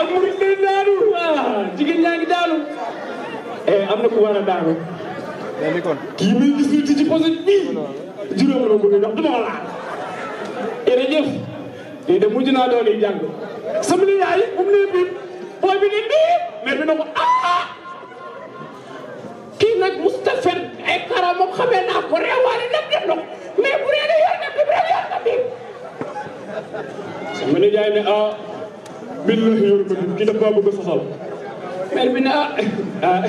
ak murit day daanu ah jigéen ñaa eh, na ku war a kii may gis ñu ci ci poset bii juróom la ko doon wax dama ko laal jërëjëf lii de mujj naa doon jàng sama yaay bu mu nee biib booy bi ne na ah! kii nag Moustapha ay kara xamee naa ko reewaale dem dem na ko mais bu dee ne yor na biib rek yor ne ah billahi yor na biib kii dafa bëgg a sosal mère bi ne ah ah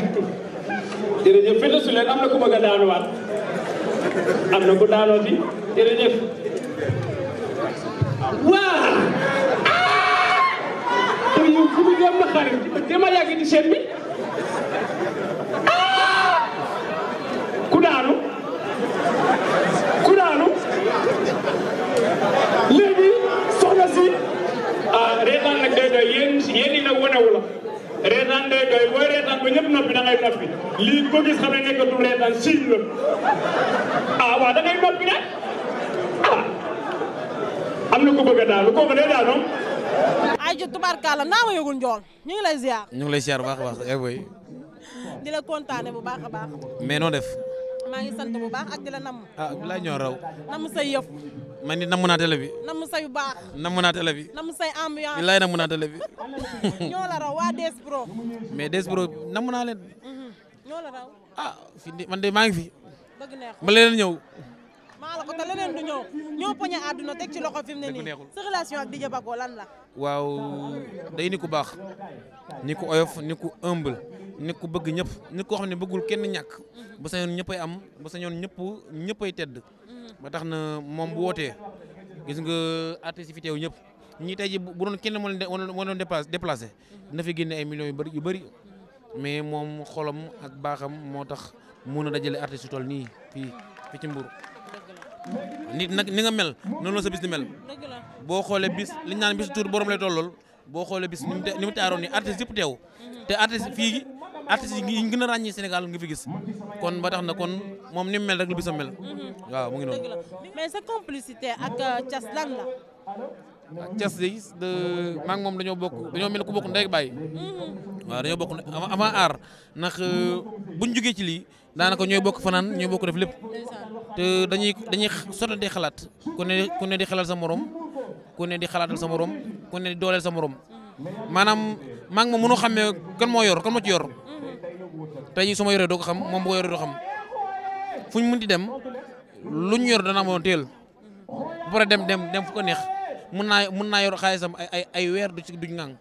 jërëjëf fële am na ku bëgg a daanuwaat am na ku daanoo fi jërëjëf waa te yow fu ah. mu doon na xaar dama yàgg di seen bi ah. ku daanu ku daanu léegi soxna si ah reetaan nag day doy yéen yéen ñi ne reetaan day doy booy reetaan ba ñëpp noppi da ngay noppi lii ko gis xam ne nekkatul reetaan siñ la ah waaw da ngay noppi bëgg a daanu kooku day daanu. ay ju tubaarkàlla naa ma yëgul njool ñu ngi lay ziar. ñu ngi lay baax baax eh oui. di la kontaane bu baax a noo def. maa ngi bu baax ak di la namm. ah laa ñoo raw. namm say yëf. man ni namm naa télé bi. say yu baax. namm naa télé bi. say ambiance. bilaay namm naa télé bi. ñoo la raw waa DS Pro. mais DS Pro namm naa mhm. ñoo la raw. ah fi man de maa ngi fi. dëgg neexul ma la ko du ñëw ñoo poñe àdduna teg ci loxo fi ne nii sa relation ak Didier Bako lan la. waaw day ni ku baax ni ku oyof ni ku humble ni ku bëgg ñëpp ni koo xam ne bëggul kenn ñàkk mm-hmm. bu sañoon ñëppay am bu sañoon ñëpp ñëppay tedd. Mm-hmm. ba tax na moom bu wootee gis nga artistes yi fi teew ñëpp ñi tey ji bu doon kenn moo leen moo doon déplacé dina mm-hmm. fi génne ay millions yu bëri yu mais moom xolam ak baaxam moo tax mun a dajale artistes yu nii fii fi ci Mbour. nit nag ni nga mel noonu la sa bis di mel boo xoolee bis li naan bis tuur borom lay tollool boo xoolee bis ni mu taaroon ni artiste yëpp teew te artiste fii artiste yi ñu gën a ràññee Sénégal nga fi gis kon ba tax na kon moom ni mel rek lu bisam mel waaw mu ngi noonu. mais sa complicité ak euh, Thiass lan la. waaw ah, Thiass de maa dañoo bokk dañoo mel ku bokk ndey ak baay. Mm-hmm. waaw dañoo bokk avant aar ndax euh, buñ jugee ci lii. daanaka ñooy bokk fanaan ñooy bokk def lépp te dañuy dañuy sottante xalaat ku ne ku di xelal sa moroom ku ne di xalaatal sa moroom ku ne di dooleel sa moroom maanaam maa ngi ma mënoo xamee kan moo yor kan ci yor tey jii su ma doo xam moom ko yoree doo xam fu ñu di dem lu ñu yor dana amoon teel bu dem dem dem fu ko neex mën naa mën naa yor xaalisam ay ay ay weer du ci duñ ngang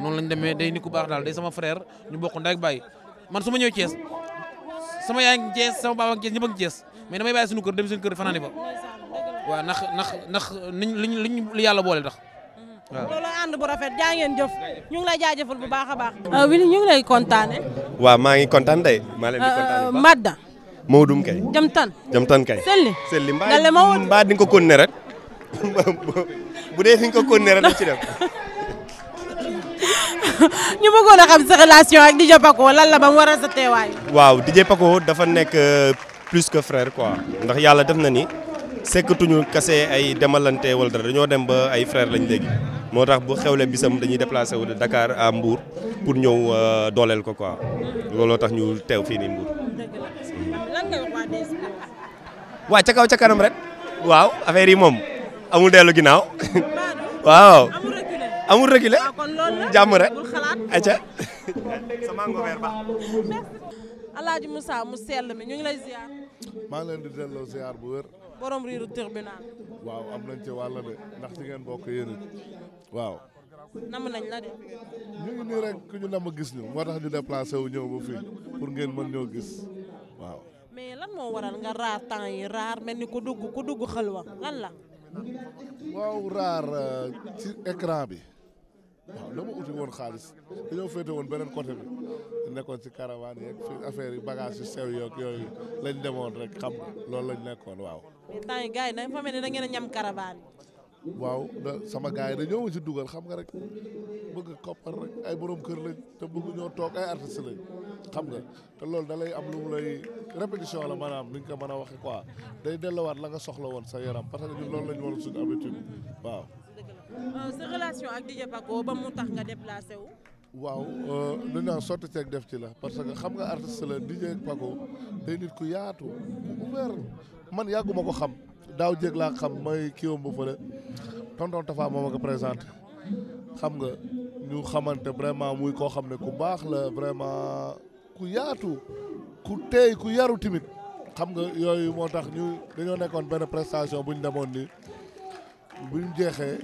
noonu lañ demee day nit ku baax daal day sama frère ñu bokk ndey ak baay man su ma ñëw Thiès sama yaay ngi Thiès sama baaba ngi Thiès ñëpp a ngi Thiès mais damay bàyyi suñu kër dem suñu kër fanaani fa waaw ndax ndax ndax niñ liñ liñ li yàlla boole tax waaw loolu ànd bu rafet jaa ngeen jëf ñu la lay jaajëfal bu baax a baax ah, Wally ñu ngi lay kontaane waaw maa ngi kontaan tey maa leen di ah, ah, kontaan Madda Mawdum kay jam tan jam tan kay selli selli mbaa mbaa di nga ko kon ne rek bu dee ko kon ne rek ci dem ñu ko a xam sa relation ak DJ Paco lan la ba mu war sa teewaay. waaw DJ Paco dafa nekk euh, plus que frère quoi ndax yàlla def na ni sekkatuñu kase ay demalante wala dara dañoo dem ba ay frère lañ léegi moo tax bu xewle bisam dañuy déplacé wu dakaar Dakar à Mbour pour ñëw euh, dooleel ko quoi looloo tax ñu teew fii ni Mbour. waaw ca kaw ca kanam rek waaw affaire yi moom amul dellu ginnaaw waaw. amul régulé ah, jàmm rek ayca sama ngover ba alaaji Moussa mu sell mi ñu ngi lay ziar maa ngi leen di delloo ziar bu wér borom riiru tribunal waaw am nañ ci wàll de ndax ci ngeen bokk yéen it waaw nam nañ la de ñu ngi nii rek ñu nam gis ñu moo tax ñu déplacé wu ñëw ba fii pour ngeen mën ñoo gis waaw mais lan moo waral nga raar temps yi raar mel ni ku dugg ku dugg xël wa lan la waaw raar euh, ci écran bi waaw la ma uti woon xaalis dañoo féete woon beneen côté bi nekkoon ci caravane yeeg fi affaire yi bagage yu sew yooyu lañ demoon rek xam loolu lañ nekkoon waaw. ne da ngeen a ñam caravane sama gars yi dañoo ma si dugal xam nga rek bëgg koppar rek ay borom kër lañ te bëgg ñoo toog ay artistes lañ xam nga te loolu da lay am lu mu lay répétition la maanaam ni nga ko mën a waxee quoi day delluwaat la nga soxla woon sa yaram parce que ñun loolu lañ war suñu habitude waaw. Euh, sa relation ak DJ Paco ba mu tax nga déplacé waaw euh, lu naan sotti ceeg def ci la parce que xam nga artiste la DJ Paco day nit ku yaatu ku ouvert man yàgguma ko xam daaw jéeg laa xam may kii woon ba fële tonton Tafa moom a ko présenté xam nga ñu xamante vraiment muy koo xam ne ku baax la vraiment ku yaatu ku teey ku yaru timit xam nga yooyu moo tax ñu dañoo nekkoon benn prestation bu ñu demoon nii bu ñu jeexee.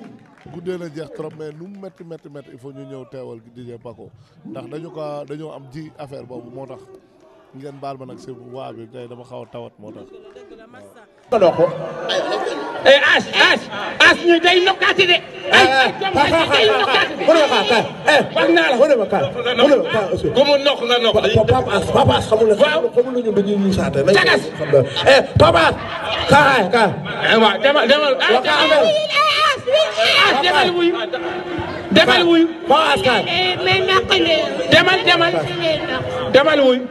guddee na jeex trop mais nu mu métti métti métti il ñu ñëw teewal DJ Paco ndax dañu ko dañoo am ji affaire boobu moo tax ngeen baal ma nag si waa bi tey dama xaw a tawat moo tax. waaw. Eh, ay day nokkaati de. de. Eh, wax naa la. ku mu nokk nga nokk. papa demal wuyu demal wuyu. boo askan. demal demal. demal wuyu.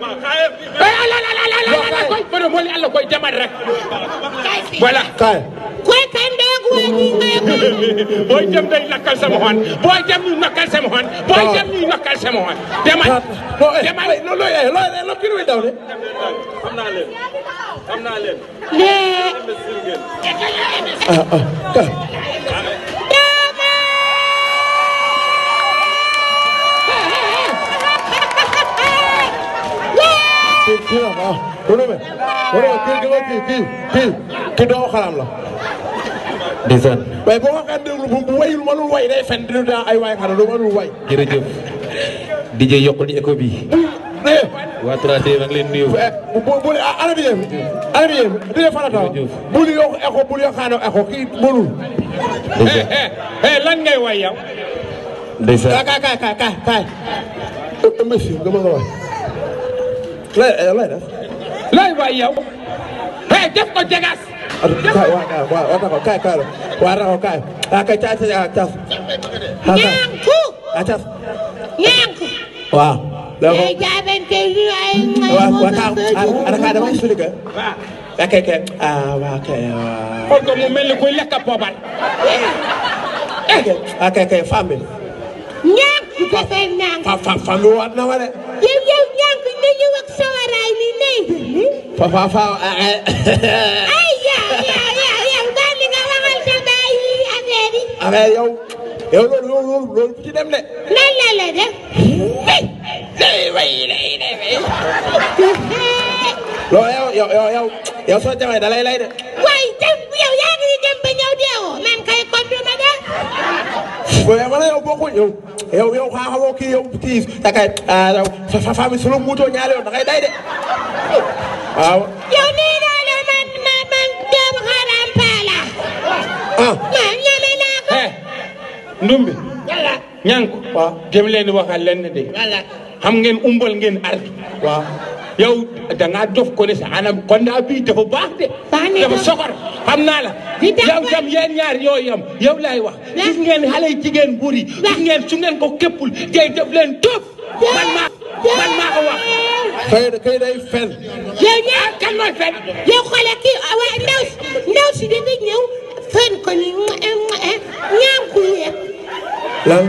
demal rek. booy dem day lakkal sama xon booy dem ñu nakkal sama xon booy dem ñu nakkal sama xon demal demal loolu looy looy loo kii muy daw de xam naa leen xam naa leen ah ah kii kii la ah. bu demee bu demee kii kii kii kii doomu xaram la. ndeysaan waaye boo waxee déglu bu wayul mënul way day fen dina daa ay waay xanaa du mënul way jërëjëf DJ yokkul ñu écho bi waa 3D maa ngi leen nuyu eh, bu bu ala bi yem ala bi yem dina farata bul yokk écho bul yokkaano écho kii mënul eh, eh, eh lan ngay way yow ndeysaan kaay kaay kaay kaay kaay monsieur dama la wax lay lay def lay way yow eh def ko jegas wata kai kai wara ko kai aka ta ta ta nyanku ataf nyanku wa da ko ya ben te ri ay wa wa ka ara ka da ma suli ka wa kai kai ah wa kai wa ko mu mel ko lekka pobal eh akay kay famille ñàkk dafay nang papa fami waat na ma de yow yow ñàkk nañu wax sawaraay ni nay papa eh, eh. ay ay yow yow yow yow ba mi nga waxal sa baay yi affaire yi affaire yow yow loolu loolu loolu loolu ci dem de nan la la def day way day loolu yow yow yow yow yow soo lay de waay dem yow yaa ngi dem ba ñëw deewoo kay kon du ma de waaye ma ne yow bokkuñ yow yow yow xaa xamoo kii yow kii dakay sa ah, famille solo muutoo ñaari yoon day de waaw yow nee naa man ma man doom xaram paala ah ma ñame naa ko eh, ndumbi walla ñànku waaw leen waxal de walla xam ngeen umbal ngeen artu waaw yow da ngaa dof ko ne sa anam Kolda bii dafa baax de. dafa soxor xam naa la. yow tam yéen ñaar yooyu yam yow laay wax. gis ngeen xale jigéen buur yi. gis ngeen su ngeen ko képpul day def leen topp. man maa man maa ko wax. kay kay day fen. yow ñaar ah, kan mooy fen. yow xoolee kii ah, waaye ndaw si ndaw si dafa ñëw fen ko ni ñaam ku yeeg. lan.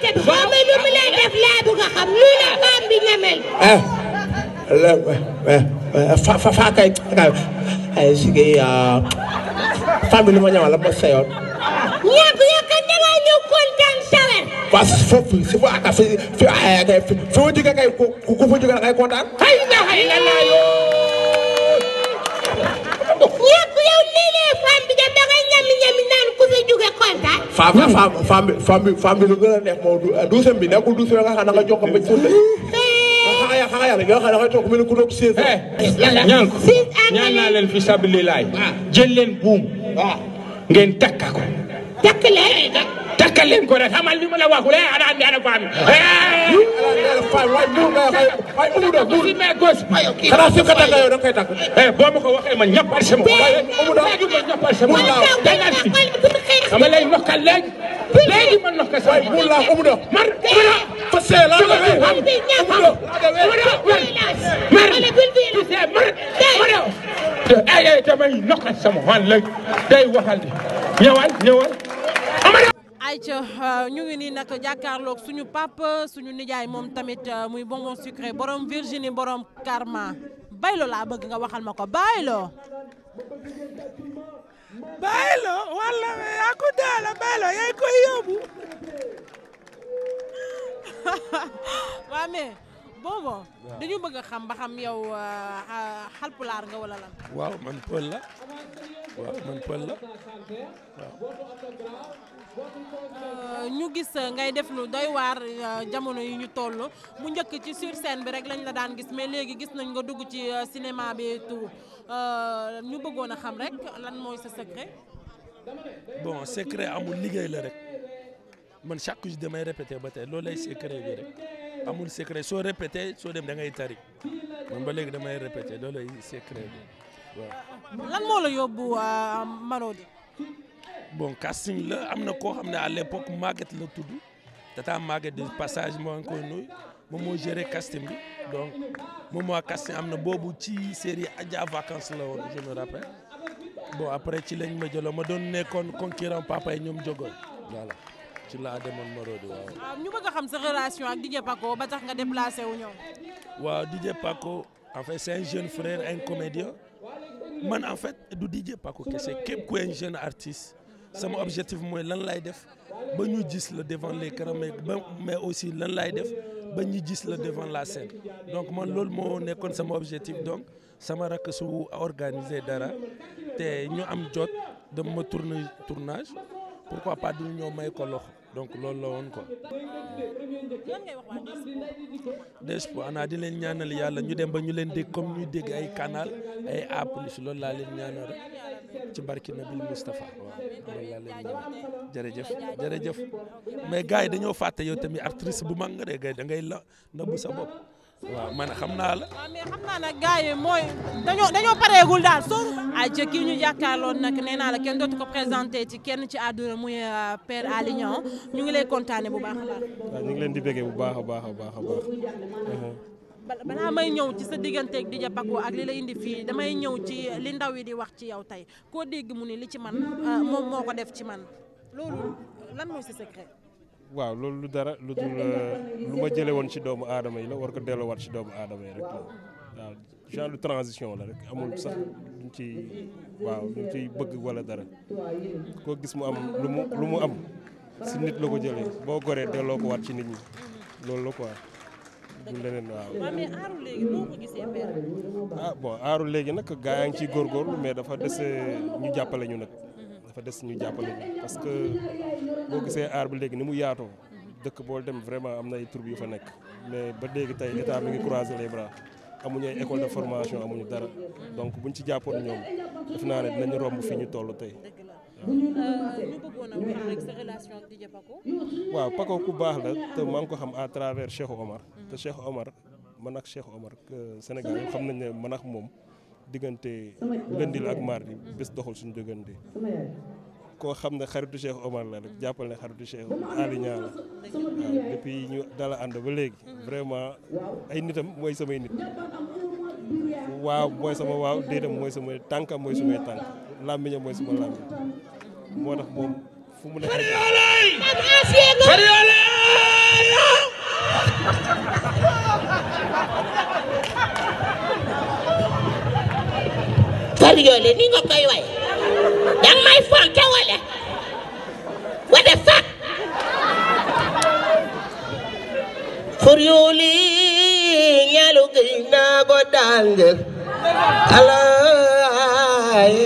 laajte bi xaw ma lu mu lay def laa bëgg a xam lu la maam bi nga eh, eh, eh, kay sige ah. femme bi ma ñamal la seyoon. ñëpp yow kat da ngaa ñëw kontaan sawe. waaw fi ah, fi fi ma jógee kay ku ku fa jógee da ngay kontaan. xëy na xëy ñami naan ku sa jóge kontaan. femme bi femme bi femme bi lu gën a neex moom euh, douze bi nekkul douze nga xam ne nga jox ko ba ci suuf eh. xanaa xanaa yàlla nga xam ne dafay toog mel ni ku doon séeréer. ñaan ko eh, ñaan naa leen fi sàbbi laay. jël leen buum. ngeen takka ko. takk leen. Eh, takkal leen ko rek xamal li ma la wax wala ana andi ana faami ay mu do gul me gos xanaa su ko tàgg yow da koy tàgg eh boo ma ko waxee ma ñappal sama mu do ma ñappal sama da nga ci sama lay nokkal léegi léegi ma nokkal sama mu la mu do mar fa se la la mu do mar mar ay ay damay nokkal sama wan léegi day waxal ñëwal ñëwal ayca euh, ñu ngi nii nag jàkkaarlook suñu papa suñu nijaay moom tamit euh, muy bonbon sucré borom Virginie boroom Karma baylo laa bëgg nga waxal ma ko baylo. baylo walla me yaa ko daala baylo yaay koy yóbbu. waa mais bonbon dañu bëgg a xam ba xam yow euh, xalpulaar nga walla la waaw man pël la Euh, ñu gis euh, ngay def lu doy waar euh, jamono yi ñu toll bu njëkk ci sur bi rek lañ la daan gis mais léegi gis nañ nga dugg ci cinéma bi tout ñu bëggoon a xam rek lan mooy sa secret. bon secret amul liggéey la rek man chaque jour damay répété ba tey loolu lay secret bi rek amul secret soo répété soo dem da ngay tari man ba léegi damay répété loolu lay secret bi waaw. lan moo la yóbbu Marodi. bon casting la am na koo xam ne à l'époque Maguette la tudd tata Maguette de passage moo ngi koy nuyu moom moo géré casting bi donc moom moo casting am na boobu ci série Adja Vacances la woon je me bon après ci lañ ma jëloo ma doon nekkoon concurrent papa ñoom jogoon voilà ci laa demoon Marodi waaw. Ah, ñu bëgg a xam sa relation ak DJ Paco ba tax nga déplacé ñoom. waaw DJ Paco en fait c'est un jeune frère un comédien man en fait du DJ Paco kese ku un jeune artiste. sama objectif mooy lan laay def ba ñu gis la devant les caméras mais aussi lan laay def ba ñu gis la devant la scène donc man loolu moo nekkoon sama objectif donc sama rakk su organiser dara te ñu am jot dama ma tournage pourquoi pas du ñoo may ko loxo donc loolu la woon quoi. Despo di leen ñaanal yàlla ñu dem ba ñu leen dégg comme ñuy dégg ay canal ay applis loolu laa leen ñaanal ci barki Nabil Moustapha waaw loolu laa leen di jërëjëf jërëjëf mais gars yi dañoo fàtte yow tamit artiste bu mag nga de gay da ngay la nëbbu sa bopp waaw man xam naa la. waaw xam naa nag gars yi mooy dañoo dañoo pareegul daal sóoru. ayca kii ñu jàkkaarloon nag nee naa la kenn dootu ko présenté ci kenn ci àdduna muy euh, Père Aly Niang ñu ngi lay kontaanee bu baax baax. ñu ngi leen di bëggee bu baax a baax a baax a baax. balaa may ñëw ci sa digganteeg Dija Paco ak li la indi fii damay ñëw ci li ndaw yi di wax ci yow tey koo dégg mu ne li ci man ah, moom moo ko def ci man loolu lan mooy sa waaw loolu lu dara lu euh, lu ma jëlee woon ci doomu aadama yi la war ko delloowaat ci doomu aadama yi rek la waaw genre la rek amul sax duñ ci waaw duñ ciy bëgg wala dara koo gis mu am lu lu mu am si nit la ko jëlee boo goree delloo ko waat ci nit loolu la du leneen waaw. waaw mais aaru léegi noo ah, bon aaru léegi nag gaa yaa ngi ciy góorgóorlu mais dafa des ñu jàppale ñu nag. dafa des ñu jàppale ñu parce que boo gisee aar bi léegi ni mu yaatoo. dëkk boo dem vraiment am na ay troupe yu fa nekk mais ba léegi tey état mi ngi croiser les bras amuñu ay école de formation amuñu dara donc buñ ci jàppoon ñoom def naa ne dinañ romb fi ñu toll tey. Euh, waaw Paco ku baax la te maa ngi ko xam à travers Cheikh Omar. te Cheikh Omar man ak Cheikh Omar Sénégal yëpp xam nañ ne man ak moom diggante lundi la ak mardi bés doxul suñu diggante koo xam ne xaritu Cheikh Omar la rek jàppal ne xaritu Cheikh Aly Niang la ñu dala ànd ba léegi vraiment ay nitam mooy samay nit waaw mooy sama waaw déedam mooy sama tànkam mooy samay tànk làmmiñam mooy sama làmmiñ moo tax moom fu mu nekk kër yoole ni nga koy dang may fonke wala what the fuck xur yooli ñaalu gëj naa ko dàng alaay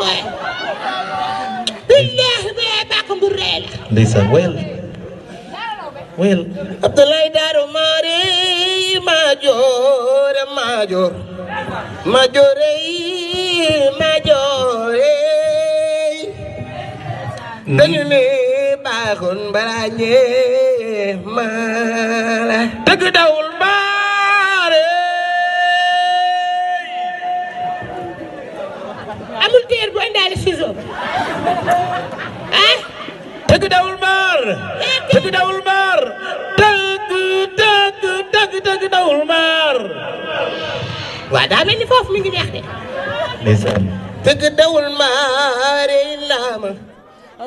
Boy. rek ndeysaan wayal wayal Abdoulaye Daaro Maari Maajoor Maajoor Maajoorey eh. Maajoorey mm-hmm. dañu ne baaxoon barañee maala dëgg dawul baare eh. amul téer bu indaale ciseau ah tëgg dawul maar tëgg dawul maar tëgg tëgg tëgg tëgg dawul maar waa daa mel ni foofu mi ngi neex de ndeysaan tëgg dawul maar eh, laama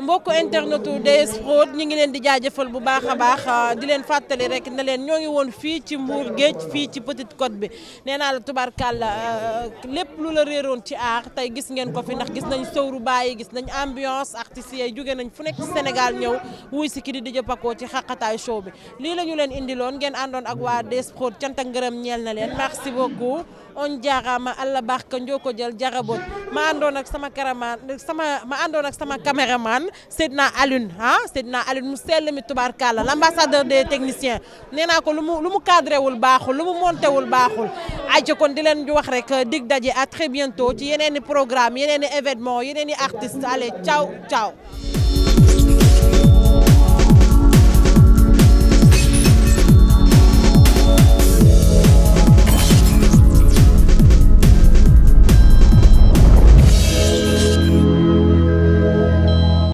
mbokku internetu DS Prod ñu ngi leen di jëfal bu baax a baax ah, di leen fàttali rekk na leen ñoo ngi woon fii ci Mbour géej fii ci Petite Côte bi nee naa la tubarkàlla ah, lépp lu la réeroon ci aar tey gis ngeen ko fi ndax gis nañ sowru bàyyi gis nañu ambiance artistes yi jóge nañ fu nekk Sénégal ñëw wuy si kii di Dj ci xaqataay show bi lii la ñu leen indiloon ngeen àndoon ak waa DS Prod canta ak ngërëm ñeel na leen merci beaucoup on jaaraama allah baax ka njoo ko jël jaraboot ma àndoon sama caméraman sama ma àndoon ak sama caméraman Seydina Alioune ah Seydina Alioune mu sell mi tubaarkàlla l'ambassadeur des techniciens nee naa ko lu mu lu mu cadré baaxul lu mu monté wul baaxul ayca kon di leen wax rek dig daje à très bientôt ci yeneen i programme yeneen i événement yeneen i artistes allez ciao ciao